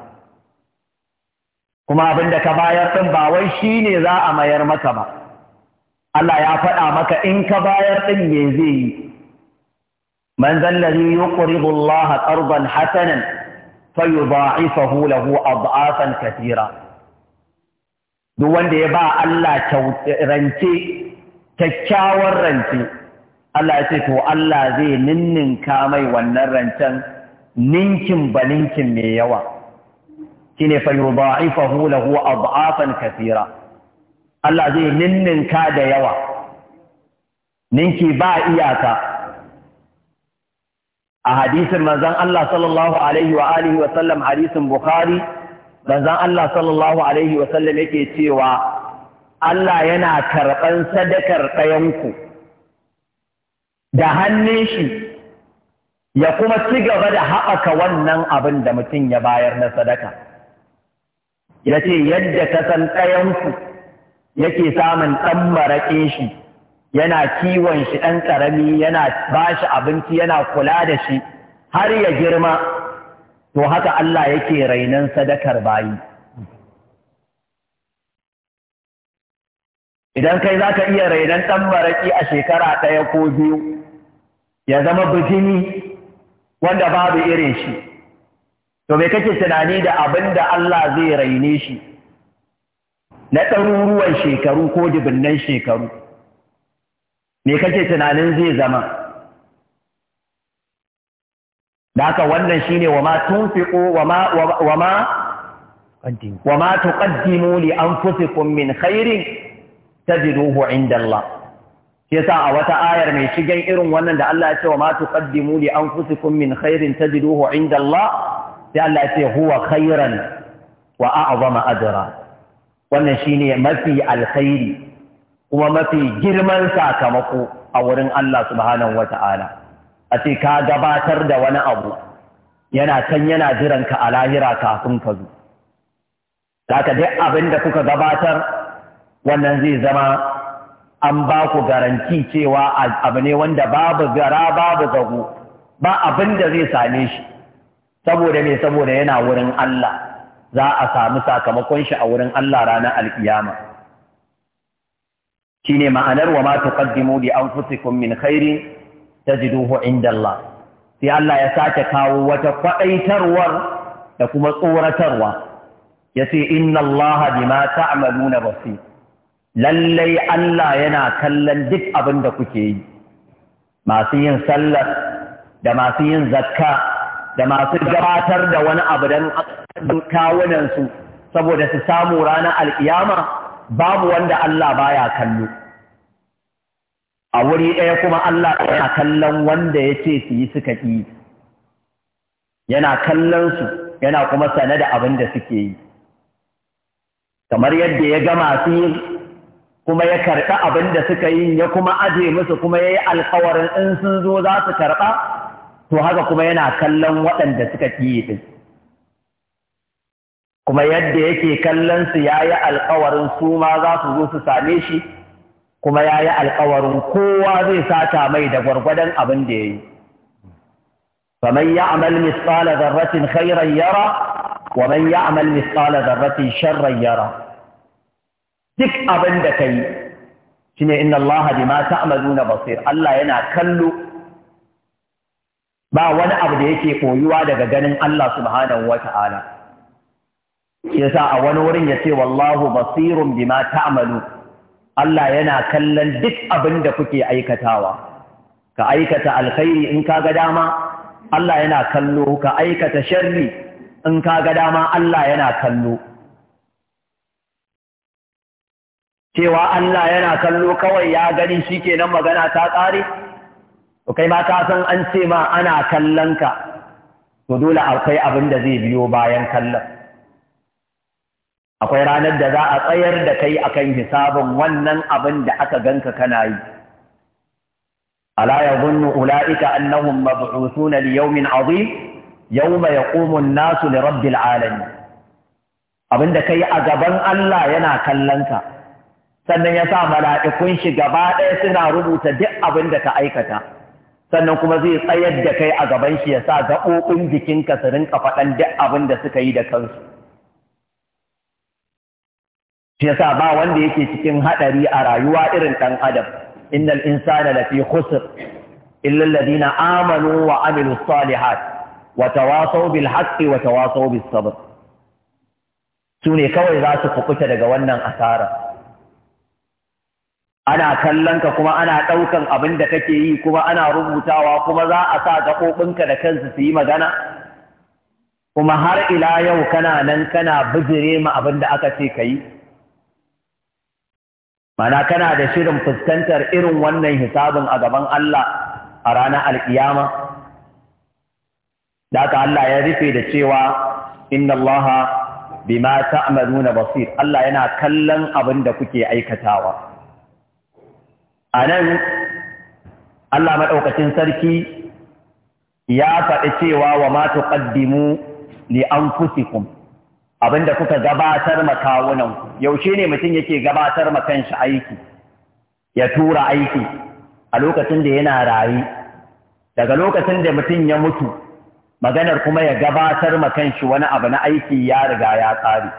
kuma abin da ka bayar ɗin ba wai shi ne za a mayar maka ba Allah ya faɗa maka in ka bayar ɗin me zai yi man zallari yuqridu Allah qardan hasanan fayudha'ifahu lahu ad'afan katira duk wanda ya ba Allah rance kyakkyawar rance Allah ya ce to Allah zai ninninka mai wannan rancen ninkin ba ninkin mai yawa shine fa yudha'ifahu lahu ad'afan kathira Allah zai ninninka da yawa ninki ba iyaka a hadisin manzon Allah sallallahu alaihi wa alihi wa sallam hadisin Bukhari manzon Allah sallallahu alaihi yake cewa Allah yana karɓan sadakar ɗayanku da hannun shi ya kuma ci gaba da haɓaka wannan abin da mutum ya bayar na sadaka. Ya ce yadda ka san ɗayanku yake samun ɗan maraƙe shi, yana kiwon shi ɗan ƙarami, yana ba shi abinci, yana kula da shi har ya girma. to haka Allah yake rainan sadakar bayi idan kai za ka iya rainan ɗan maraƙi a shekara ɗaya ko biyu ya zama bijini wanda babu irin shi to me kake tunani da abin da Allah zai raine shi na ɗaruruwan shekaru ko dubinnan shekaru me kake tunanin zai zama da haka wannan shine wa ma tunfiqu wa ma wa ma wa ma tuqaddimu li anfusikum min khairin tajiduhu inda Allah shi yasa a wata ayar mai shigen irin wannan da Allah ya ce wa ma tuqaddimu li anfusikum min khairin tajiduhu inda Allah sai Allah ya ce huwa khairan wa a'zama ajra wannan shi ne mafi alkhairi kuma mafi girman sakamako a wurin Allah subhanahu wa ta'ala. a ce ka gabatar da wani abu yana can yana jiranka a lahira kafin ka zo ka dai abin da kuka gabatar wannan zai zama an ba ku garanti cewa abu ne wanda babu gara babu zago ba abin da zai same shi saboda ne saboda yana wurin Allah za a sami sakamakon shi a wurin Allah ranar alkiyama. ne ma'anar wa ma tuqaddimu li anfusikum min khairin tajiduhu inda indala, sai Allah ya sake kawo wata kwadaitarwar da kuma tsoratarwa yace inna Allah bima ta'maluna basir lallai Allah yana kallon duk abin da kuke yi masu yin sallar da masu yin zakka da masu gabatar da wani abu don kawunansu saboda su samu ranar al'iyama babu wanda Allah baya kallo a wuri ɗaya kuma Allah yana kallon wanda ya ce su yi suka ƙi yana kallon yana kuma sane da abin da suke yi kamar yadda ya gama su yi kuma ya karɓi abin da suka yi ya kuma aje musu kuma ya yi alkawarin in sun zo za su karɓa to haka kuma yana kallon waɗanda suka ƙi ɗin kuma yadda yake kallon su ya yi alkawarin su ma za su zo su same shi kuma ya yi alkawarin kowa zai sata mai da gwargwadon abin da ya yi faman ya amal misfala zarratin khairan yara wa man ya amal misfala zarratin sharran yara duk abin da ka yi shi ne inna Allah bima na basir Allah yana kallo ba wani abu da yake koyuwa daga ganin Allah subhanahu wata'ala yasa a wani wurin yace wallahu basirun bima ta'maluna Allah yana kallon duk abin da kuke aikatawa ka aikata alkhairi in ka ga dama Allah yana kallo ka aikata sharri in ka ga dama Allah yana kallo cewa Allah yana kallo kawai ya gani shi shikenan magana ta ƙare? to kai ma ka san an ce ma ana kallon ka to dole akwai abin da zai biyo bayan kallon akwai ranar da za a tsayar da kai akan hisabin wannan abin da aka ganka kana yi ala yadhunnu ulaika annahum mab'uthuna li yawmin 'azim yawma yaqumu an-nasu li rabbil 'alamin da kai a gaban Allah yana kallon ka sannan ya sa mala'ikun shi gaba ɗaya suna rubuta duk abin da ka aikata sannan kuma zai tsayar da kai a gaban shi ya sa gaɓoɓin jikinka su rinka faɗan duk abin da suka yi da kansu shi yasa ba wanda yake cikin hadari a rayuwa irin dan adam innal insana lafi khusr illa alladhina amanu wa amilus salihat wa tawasaw bil haqqi wa tawasaw bis sabr sune kawai za su fukuta daga wannan asara ana kallon ka kuma ana ɗaukan abin da kake yi kuma ana rubutawa kuma za a sa gaɓoɓinka da kansu su yi magana kuma har ila yau kana nan kana bijire ma abin da aka ce ka yi mana kana da shirin fuskantar irin wannan hisabin a gaban Allah a ranar al'iyama. da aka Allah ya rufe da cewa inna Allah bima na basir Allah yana kallon abin da kuke aikatawa anan Allah maɗaukacin sarki ya faɗi cewa wa ma tuqaddimu li anfusikum Abin da kuka gabatar ma makawunan yaushe ne mutum yake gabatar ma kanshi aiki ya tura aiki a lokacin da yana raye? daga lokacin da mutum ya mutu maganar kuma ya gabatar ma kanshi wani abu na aiki ya riga ya tsari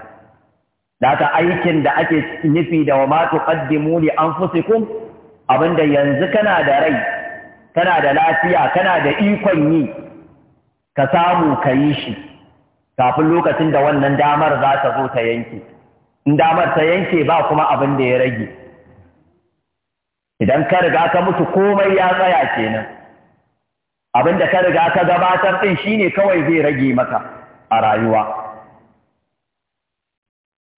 daga aikin da ake nufi da wa ma tuqaddimu li anfusikum abinda yanzu kana da rai kana da lafiya kana da ikon yi ka samu ka yi shi kafin lokacin da wannan damar za ta zo ta yanke in damar ta yanke ba kuma abin da ya rage idan ka riga ka mutu komai ya tsaya kenan abin da ka riga ka gabatar din shine kawai zai rage maka a rayuwa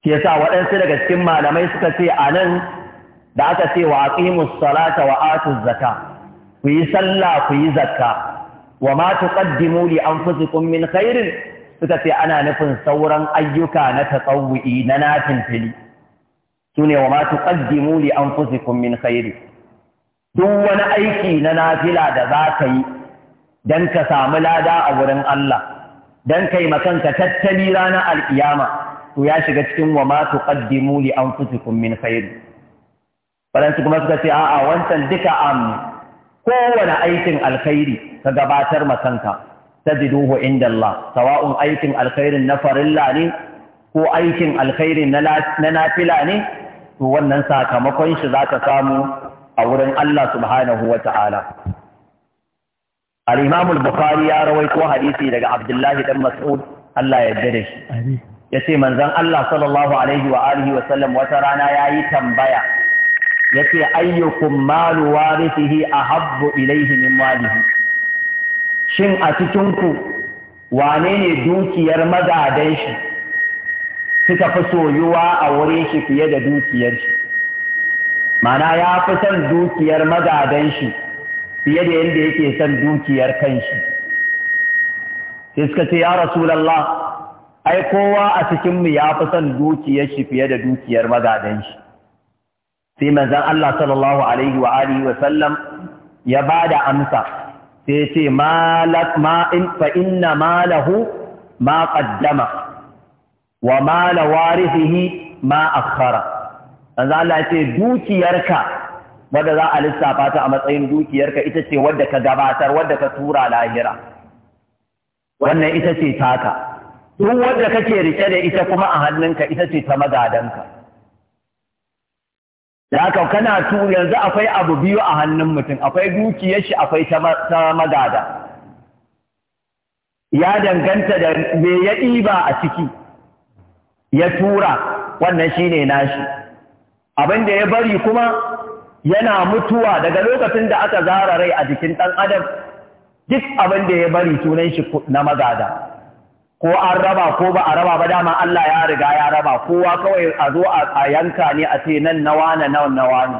Ke sa waɗansu daga cikin malamai suka ce a nan da aka ce wa aqimus salata wa atus zaka ku yi sallah ku yi zakka wa ma tuqaddimu li anfusikum min khairin suka ce ana nufin sauran ayyuka na tatsawu'i na natin fili su ne wa ma tuqaddimu li anfusikum min khairi duk wani aiki na nafila da za ka yi don ka samu lada a wurin Allah don kai makanka tattali ranar aliyama to ya shiga cikin wa ma tuqaddimu li anfusikum min khairi faransu kuma suka ce a'a wancan duka am kowane aikin alkhairi ka gabatar makanka tajiduhu inda Allah sawa'un aikin alkhairin na farilla ne ko aikin alkhairin na nafila ne to wannan sakamakon shi zaka samu a wurin Allah subhanahu wata'ala al-Imam al-Bukhari ya rawaito hadisi daga Abdullahi dan Mas'ud Allah ya yarda shi yace manzon Allah sallallahu alaihi wa alihi wa sallam wata rana yayi tambaya yace ayyukun malu warithihi ahabbu ilayhi min malihi shin a cikinku wane ne dukiyar magadan shi suka fi soyuwa a wurin shi fiye da dukiyar shi mana ya fi son dukiyar magadan shi fiye da yadda yake son dukiyar kanshi sai suka ce ya rasulallah ai kowa a cikinmu ya fi son dukiyar shi fiye da dukiyar magadan shi sai manzon Allah sallallahu alaihi wa alihi wa sallam ya amsa sai ya ce fa inna malahu ma qaddama wa mala warithihi ma akhara manzo Allah ya ce dukiyarka wadda za a lissafa ta a matsayin dukiyarka ita ce wadda ka gabatar wadda ka tura lahira wannan ita ce taka duk wadda kake rike da ita kuma a hannunka ita ce ta magadanka da haka kana tu yanzu akwai abu biyu a hannun mutum akwai dukiyar shi akwai ta magada ya danganta da me ya ɗiba a ciki ya tura wannan shine nashi abin da ya bari kuma yana mutuwa daga lokacin da aka zara rai a jikin ɗan adam duk abin da ya bari sunan shi na magada ko an raba ko ba a raba ba dama Allah ya riga ya raba kowa kawai a zo a yanka ne a ce nan na wane nan na wane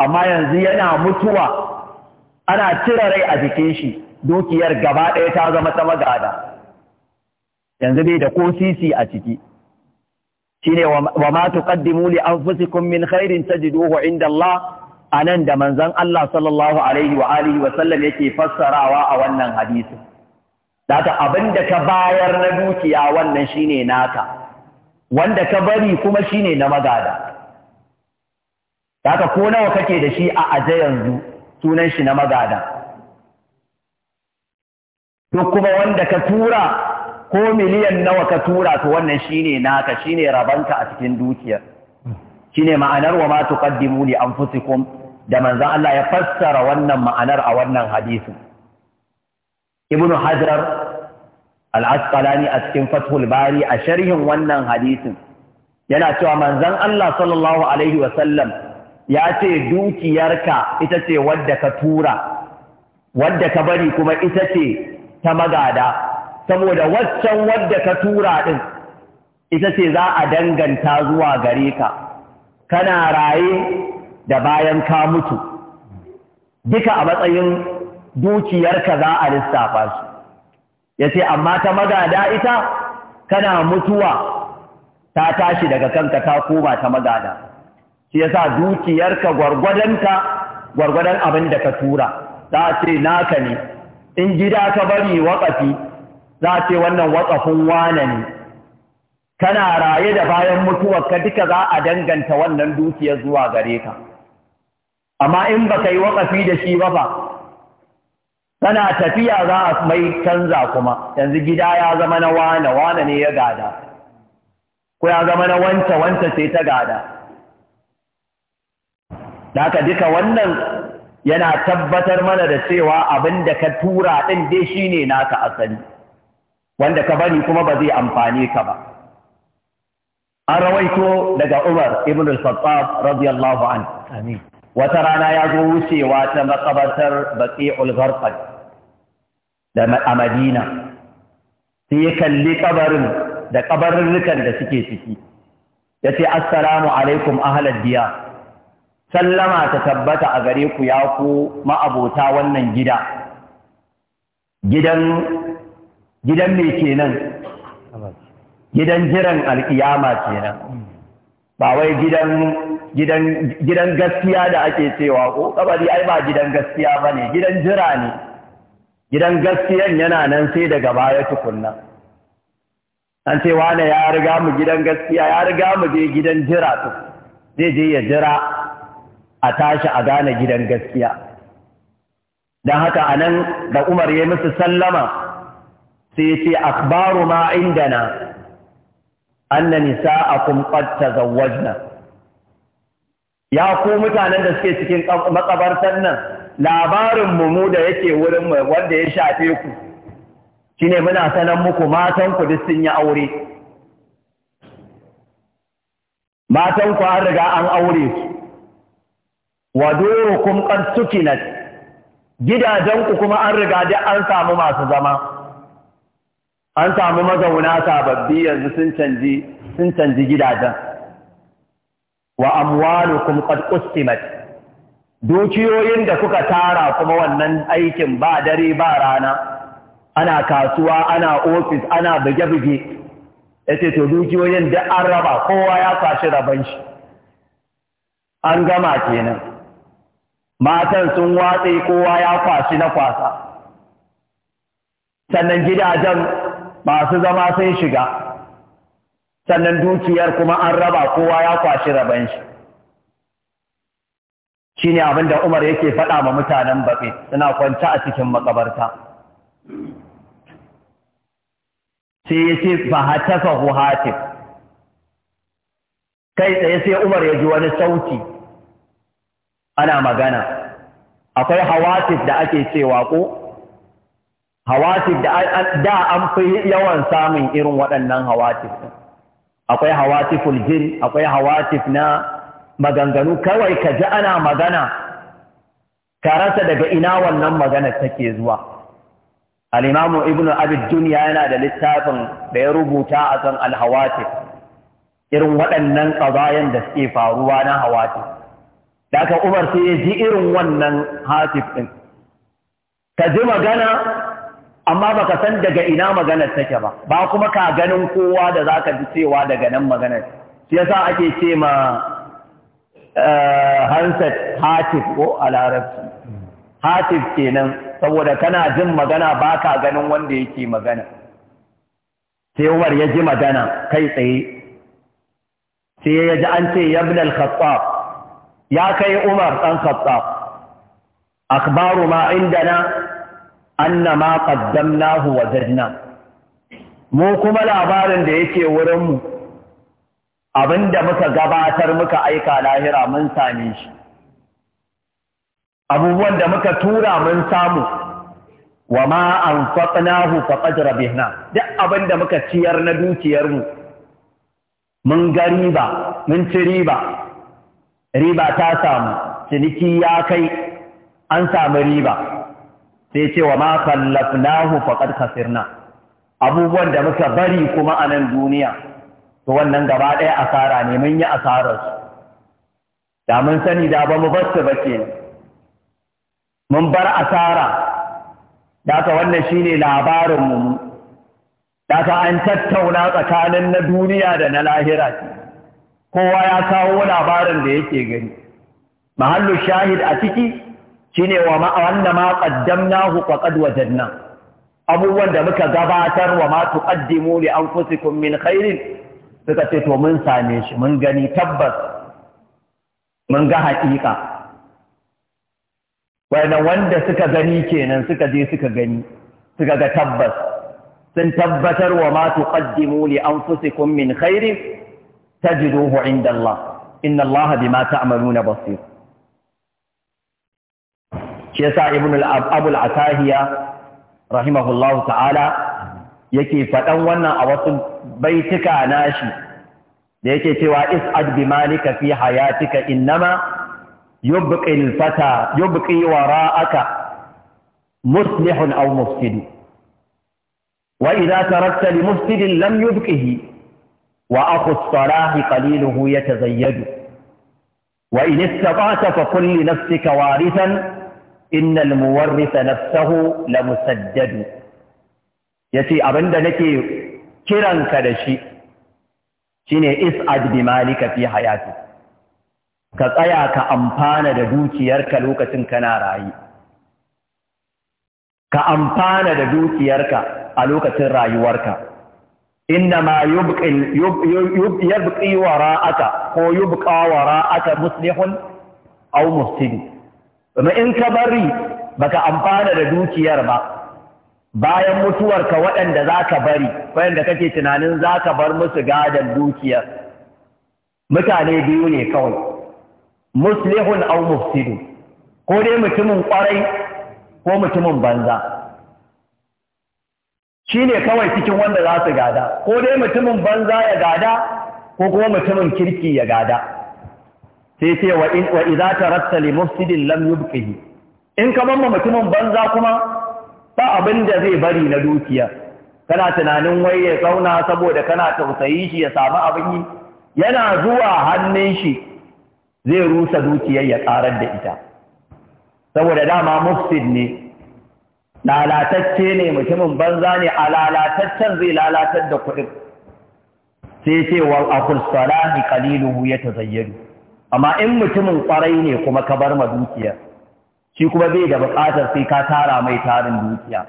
amma yanzu yana mutuwa ana cire rai a jikin shi dukiyar gaba ɗaya ta zama ta magada yanzu bai da ko sisi a ciki shine wa ma tuqaddimu li anfusikum min khairin tajiduhu inda Allah anan da manzon Allah sallallahu alaihi wa alihi wa sallam yake fassarawa a wannan hadisin. zata abin da ka bayar na dukiya wannan shine naka, wanda ka bari kuma shine na magada. Zata ko nawa kake da shi a aje yanzu sunan shi na magada. Duk kuma wanda ka tura ko miliyan nawa ka tura to wannan shine naka shine rabanka a cikin dukiyar. Shine ma'anar wa ne an li anfusikum da manzan Allah ya fassara wannan ma'anar a wannan hadisun. ibnu hajar al-asqalani a cikin fathul bari a sharhin wannan hadisin yana cewa manzon Allah sallallahu alaihi wasallam ya ce dukiyarka ita ce wadda ka tura wadda ka bari kuma ita ce ta magada saboda waccan wadda ka tura din ita ce za a danganta zuwa gare ka kana raye da bayan ka mutu duka a matsayin dukiyarka za a lissafa su ya ce amma ta magada ita kana mutuwa ta tashi daga kanka ta koma ta magada shi yasa dukiyarka gwargwadonka gwargwadon abin da ka tura za a ce naka ne in gida ka bari wakafi. za a ce wannan wakafin wane ne kana raye da bayan mutuwar ka duka za a danganta wannan dukiyar zuwa gare ka amma in baka yi wakafi da shi ba ba kana tafiya za a mai canza kuma yanzu gida ya zama na wane wane ne ya gada ko ya zama na wanta wanta sai ta gada haka duka wannan yana tabbatar mana da cewa abin da ka tura ɗin dai shine naka asali wanda ka bari kuma ba zai amfani ka ba an rawaito daga Umar ibn al-Khattab radiyallahu anhu wata rana ya zo wucewa ta makabartar Baqi'ul Gharqad da a Madina sai ya kalli kabarin da kabarurrukan da suke ciki ya ce assalamu alaikum ahalar diya sallama ta tabbata a gare ku ya ku ma'abota wannan gida gidan gidan me kenan gidan jiran alkiyama kenan ba wai gidan gaskiya da ake cewa ko oh, kabari ai ba gidan gaskiya ba ne? gidan jira ne gidan gaskiyan yana nan sai daga baya tukunna an ce wane ya riga mu gidan gaskiya ya riga mu je gidan jira to zai je ya jira a tashi a gane gidan gaskiya don haka a nan da umar ya musu sallama sai ce akbaru ma indana anna nisa'akum qad tazawwajna ya ku mutanen da suke cikin makabartar nan labarin mu da yake wurin mu wanda ya shafe ku shine muna sanan muku matan ku duk sun yi aure matan ku an riga an aure su wa durukum kan sukinat gidajen ku kuma an riga duk an samu masu zama an samu mazauna sababbi yanzu sun canji gidajen wa amwalukum qad qustimat dukiyoyin da kuka tara kuma wannan aikin ba dare ba rana ana kasuwa ana ofis ana buge-buge ya to dukiyoyin da an raba kowa ya kwashi raban shi an gama kenan matan sun watse kowa ya kwashi na kwasa sannan gidajen masu zama sun shiga sannan dukiyar kuma an raba kowa ya kwashi raban shi shine abin da Umar yake faɗa ma mutanen baɓe suna kwanta a cikin makabarta sai ya ce fa hatafa hu hatif kai tsaye sai Umar ya ji wani sauti ana magana akwai hawatif da ake cewa ko hawatif da da an fi yawan samun irin waɗannan hawatif akwai hawatiful jin akwai hawatif na maganganu kawai ka ji ana magana ka rasa daga ina wannan magana take zuwa al-imamu ibnu abid dunya yana da littafin da ya rubuta a kan al-hawati irin waɗannan qadayan da suke faruwa na hawati da aka umar sai ya ji irin wannan hatif din ka ji magana amma baka san daga ina maganar take ba ba kuma ka ganin kowa da zaka ji cewa daga nan maganar shi yasa ake ce ma Eh, handset hatif ko a larabci hatif kenan saboda kana jin magana ba ka ganin wanda yake magana sai umar ya ji magana kai tsaye sai ya ji an ce yabna al-khattab ya kai umar dan khattab akbaru ma indana anna ma qaddamnahu wajadna mu kuma labarin da yake wurin mu Abin da muka gabatar muka aika lahira mun same shi abubuwan da muka tura mun samu wa ma anfaqnahu faqad bihna. duk abinda muka ciyar na dukiyarmu mun ga riba mun ci riba riba ta samu ciniki ya kai an samu riba sai ce wa ma kallafnahu faqad khasirna abubuwan da muka bari kuma a nan duniya wannan gaba ɗaya asara ne mun yi asararsu da mun sani da ba mu basu ba mun bar asara da ka wannan shine labarinmu da an tattauna tsakanin na duniya da na lahira kowa ya kawo labarin da yake gani mahallu shahid a ciki shine wa wanda ma qaddamnahu faqad nan. abubuwan da muka gabatar wa ma tuqaddimu li anfusikum min khairin suka ce to mun same shi mun gani tabbas mun ga haƙiƙa wannan wanda suka gani kenan suka je suka gani suka ga tabbas sun tabbatar wa ma tuqaddimu li anfusikum min khairin tajiduhu inda Allah inna Allah bima ta'maluna basir shi yasa ibn al-abul atahiya rahimahullahu ta'ala yake faɗan wannan a wasu baituka nashi da yake cewa is'ad bi malika fi hayatika innama yubqi al-fata yubqi wara'aka muslihun aw mufsid wa idha tarakta li mufsidin lam yubqihi wa akhu as-salah qalilu yatazayyadu wa in istata'ta fa kulli nafsika warithan innal muwarritha nafsahu lamusaddadu Ya ce abin da nake kiranka da shi shi ne is'ad bi malika fi hayati ka tsaya ka amfana da dukiyarka lokacin kana rayu. ka amfana da dukiyarka a lokacin rayuwarka inna ma yubqi wara'aka ko yubqa wara'aka muslihun aw mufsid amma in ka bari baka amfana da dukiyar ba bayan mutuwarka waɗanda za ka bari waɗanda kake tunanin za ka bar musu gadon dukiyar mutane biyu ne kawai muslihun au mufsidu ko dai mutumin ƙwarai ko mutumin banza shi ne kawai cikin wanda za su gada ko dai mutumin banza ya gada ko kuma mutumin kirki ya gada sai ce wa za ta li mufsidin lam yubqihi in ka mamma mutumin banza kuma ba abin da zai bari na dukiya kana tunanin wai ya zauna saboda kana tausayi shi ya samu abin yi yana zuwa hannun shi zai rusa dukiyar ya karar da ita saboda dama mufsid ne lalatacce ne mutumin banza ne a lalataccen zai lalatar da kuɗin sai ce wa akul salahi ta yatazayyaru amma in mutumin kwarai ne kuma ka bar ma dukiyar shi kuma bai da buƙatar sai ka tara mai tarin dukiya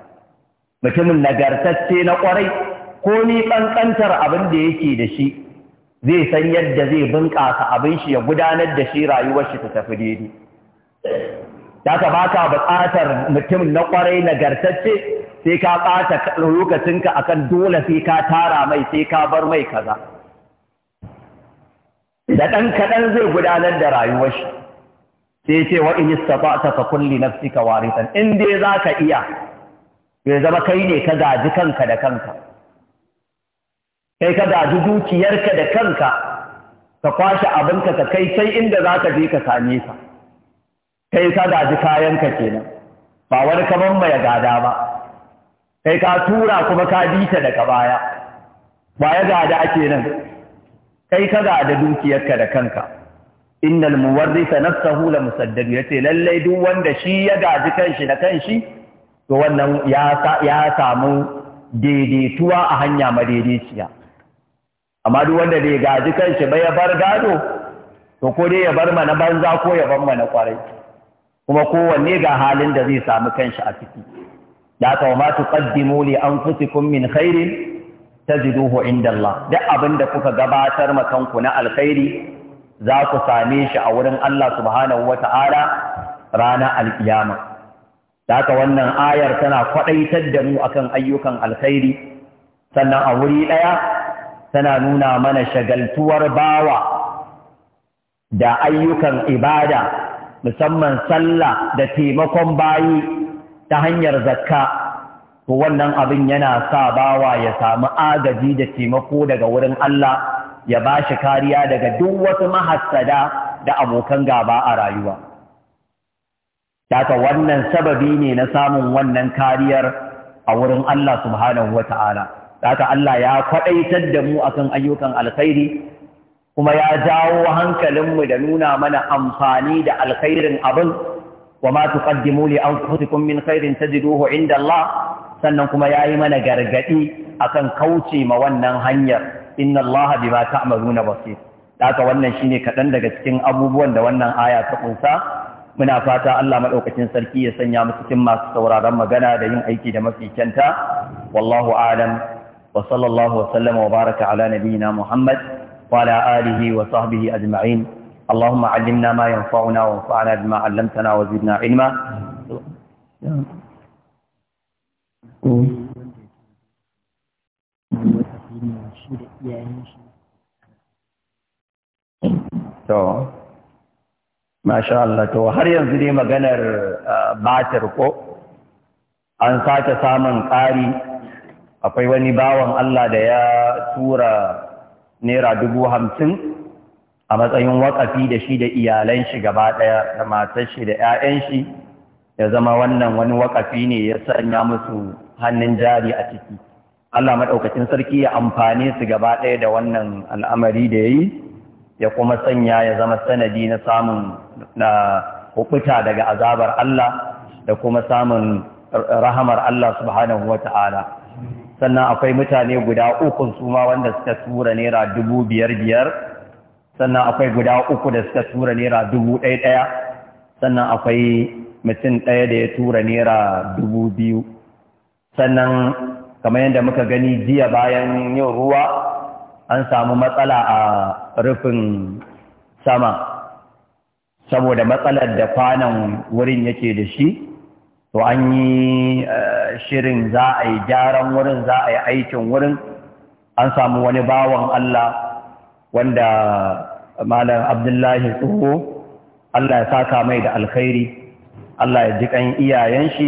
mutumin nagartacce na ƙwarai ko ni ƙanƙantar abin da yake da shi zai san yadda zai bunƙasa abin shi ya gudanar da shi rayuwar shi ta tafi daidai ta ka ba ka buƙatar mutum na ƙwarai nagartacce sai ka ɓata lokacinka akan dole sai ka tara mai sai ka bar mai kaza da ɗan kaɗan zai gudanar da rayuwar shi sai ce wa in istata'ta fa kulli nafsika warithan in dai zaka iya ya zama kai ne ka gaji kanka da kanka kai ka gaji dukiyarka da kanka ka kwashe abinka ka kai sai inda zaka je ka same ka kai ka gaji kayanka kenan ba wani kaman mai gada ba kai ka tura kuma ka bita daga baya baya gada ake kai ka gada dukiyarka da kanka innal muwarrisa nafsahu la musaddad yace lalle duk wanda shi ya gaji kanshi da kanshi to wannan ya ya samu daidaituwa a hanya madaidaiciya amma duk wanda bai gaji kanshi ba ya bar gado to ko dai ya bar mana banza ko ya bar mana kwarai kuma kowanne ga halin da zai samu kanshi a ciki da ka ma tuqaddimu li anfusikum min khairin tajiduhu inda Allah duk abin da kuka gabatar ma kanku na alkhairi za ku same shi a wurin Allah subhanahu wa ta'ala ranar alkiyama. Daka wannan ayar tana kwaɗaitar da mu akan ayyukan alkhairi, sannan a wuri ɗaya tana nuna mana shagaltuwar bawa da ayyukan ibada, musamman sallah da taimakon bayi ta hanyar zakka, to wannan abin yana sa bawa ya samu agaji da taimako daga wurin Allah ya ba shi kariya daga duk wasu mahassada da abokan gaba a rayuwa. Daga wannan sababi ne na samun wannan kariyar a wurin Allah subhanahu wa ta'ala. Daga Allah ya kwaɗaitar da mu akan ayyukan alkhairi, kuma ya jawo hankalinmu da nuna mana amfani da alkhairin abin, wa ma an li anfusikum min khairin tajiduhu inda Allah, sannan kuma ya yi mana gargaɗi akan kauce ma wannan hanyar. inna allaha bima ta'maluna basir daga wannan shine kaɗan daga cikin abubuwan da wannan aya ta kunsa muna fata Allah madaukakin sarki ya sanya mu cikin masu sauraron magana da yin aiki da mafi kyanta wallahu a'lam wa sallallahu wa sallama wa baraka ala nabiyyina Muhammad wa ala alihi wa sahbihi ajma'in اللهم علمنا ما ينفعنا وانفعنا بما علمتنا وزدنا علما to masha Allah to har yanzu dai maganar batir ko an sake samun ƙari akwai wani bawan Allah da ya tura naira dubu hamsin a matsayin wakafi da shi da iyalan shi gaba ɗaya da matar shi da 'ya'yan shi ya zama wannan wani wakafi ne ya sanya musu hannun jari a ciki Allah maɗaukacin sarki ya amfane su gaba ɗaya da wannan al'amari da ya yi ya kuma sanya ya zama sanadi na samun na hukuta daga azabar Allah da kuma samun rahamar Allah subhanahu wa ta'ala sannan akwai mutane guda uku su ma wanda suka tura naira dubu biyar biyar sannan akwai guda uku da suka tura naira dubu ɗaya ɗaya sannan akwai mutum ɗaya da ya tura naira dubu biyu sannan kamar yadda muka gani jiya bayan yin ruwa an samu matsala a rufin sama saboda matsalar da kwanan wurin yake da shi to an yi eh, shirin za a yi gyaran wurin za a yi aikin wurin an samu wani bawan Allah wanda malam abdullahi tsoho Allah ya saka mai da alkhairi Allah ya jiƙan iyayen shi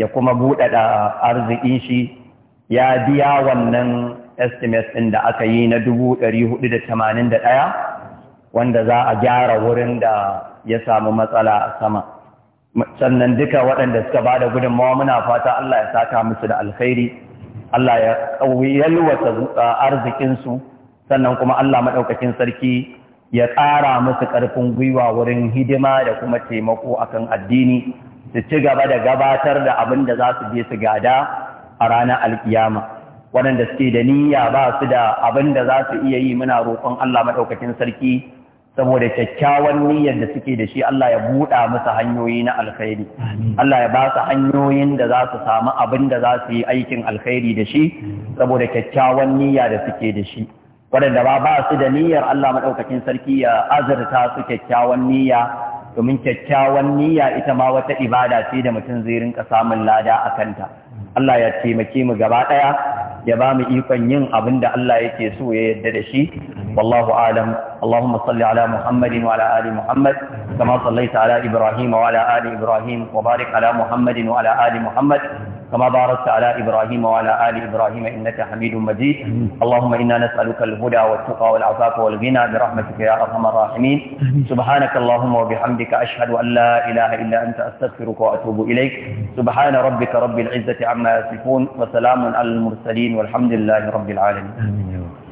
ya kuma buɗaɗa arzikin shi ya biya wannan estimate ɗin da aka yi na 481 wanda za a gyara wurin da ya samu matsala a sama sannan duka waɗanda suka ba da gudunmawa muna fata Allah ya saka musu da alkhairi Allah ya yalwata arzikinsu sannan kuma Allah maɗaukakin sarki ya ƙara musu ƙarfin gwiwa wurin hidima da kuma taimako akan addini su ci gaba da gabatar da abin da za su je su gada a ranar alkiyama. waɗanda suke da niyya ba su da abin da za su iya yi muna roƙon Allah maɗaukakin sarki saboda kyakkyawan niyyar da suke da shi Allah ya buɗa musu hanyoyi na alkhairi Allah ya ba su hanyoyin da za su samu abin da za su yi aikin alkhairi da shi saboda kyakkyawan niyya da suke da shi waɗanda ba ba su da niyyar Allah maɗaukakin sarki ya azurta su kyakkyawan niyya domin kyakkyawan niyya ita ma wata ibada ce da mutum zai rinka samun lada a kanta Allah ya taimake mu gaba ɗaya ya ba mu ikon yin abin da Allah yake so ya yadda da shi wallahu alam Allahumma salli ala Muhammadin wa ala ali Muhammad kama sallaita ala Ibrahim wa ala ali Ibrahim wa barik ala Muhammadin wa ala ali Muhammad كما باركت على إبراهيم وعلى آل إبراهيم إنك حميد مجيد اللهم إنا نسألك الهدى والتقى والعفاف والغنى برحمتك يا أرحم الراحمين سبحانك اللهم وبحمدك أشهد أن لا إله إلا أنت أستغفرك وأتوب إليك سبحان ربك رب العزة عما يصفون وسلام على المرسلين والحمد لله رب العالمين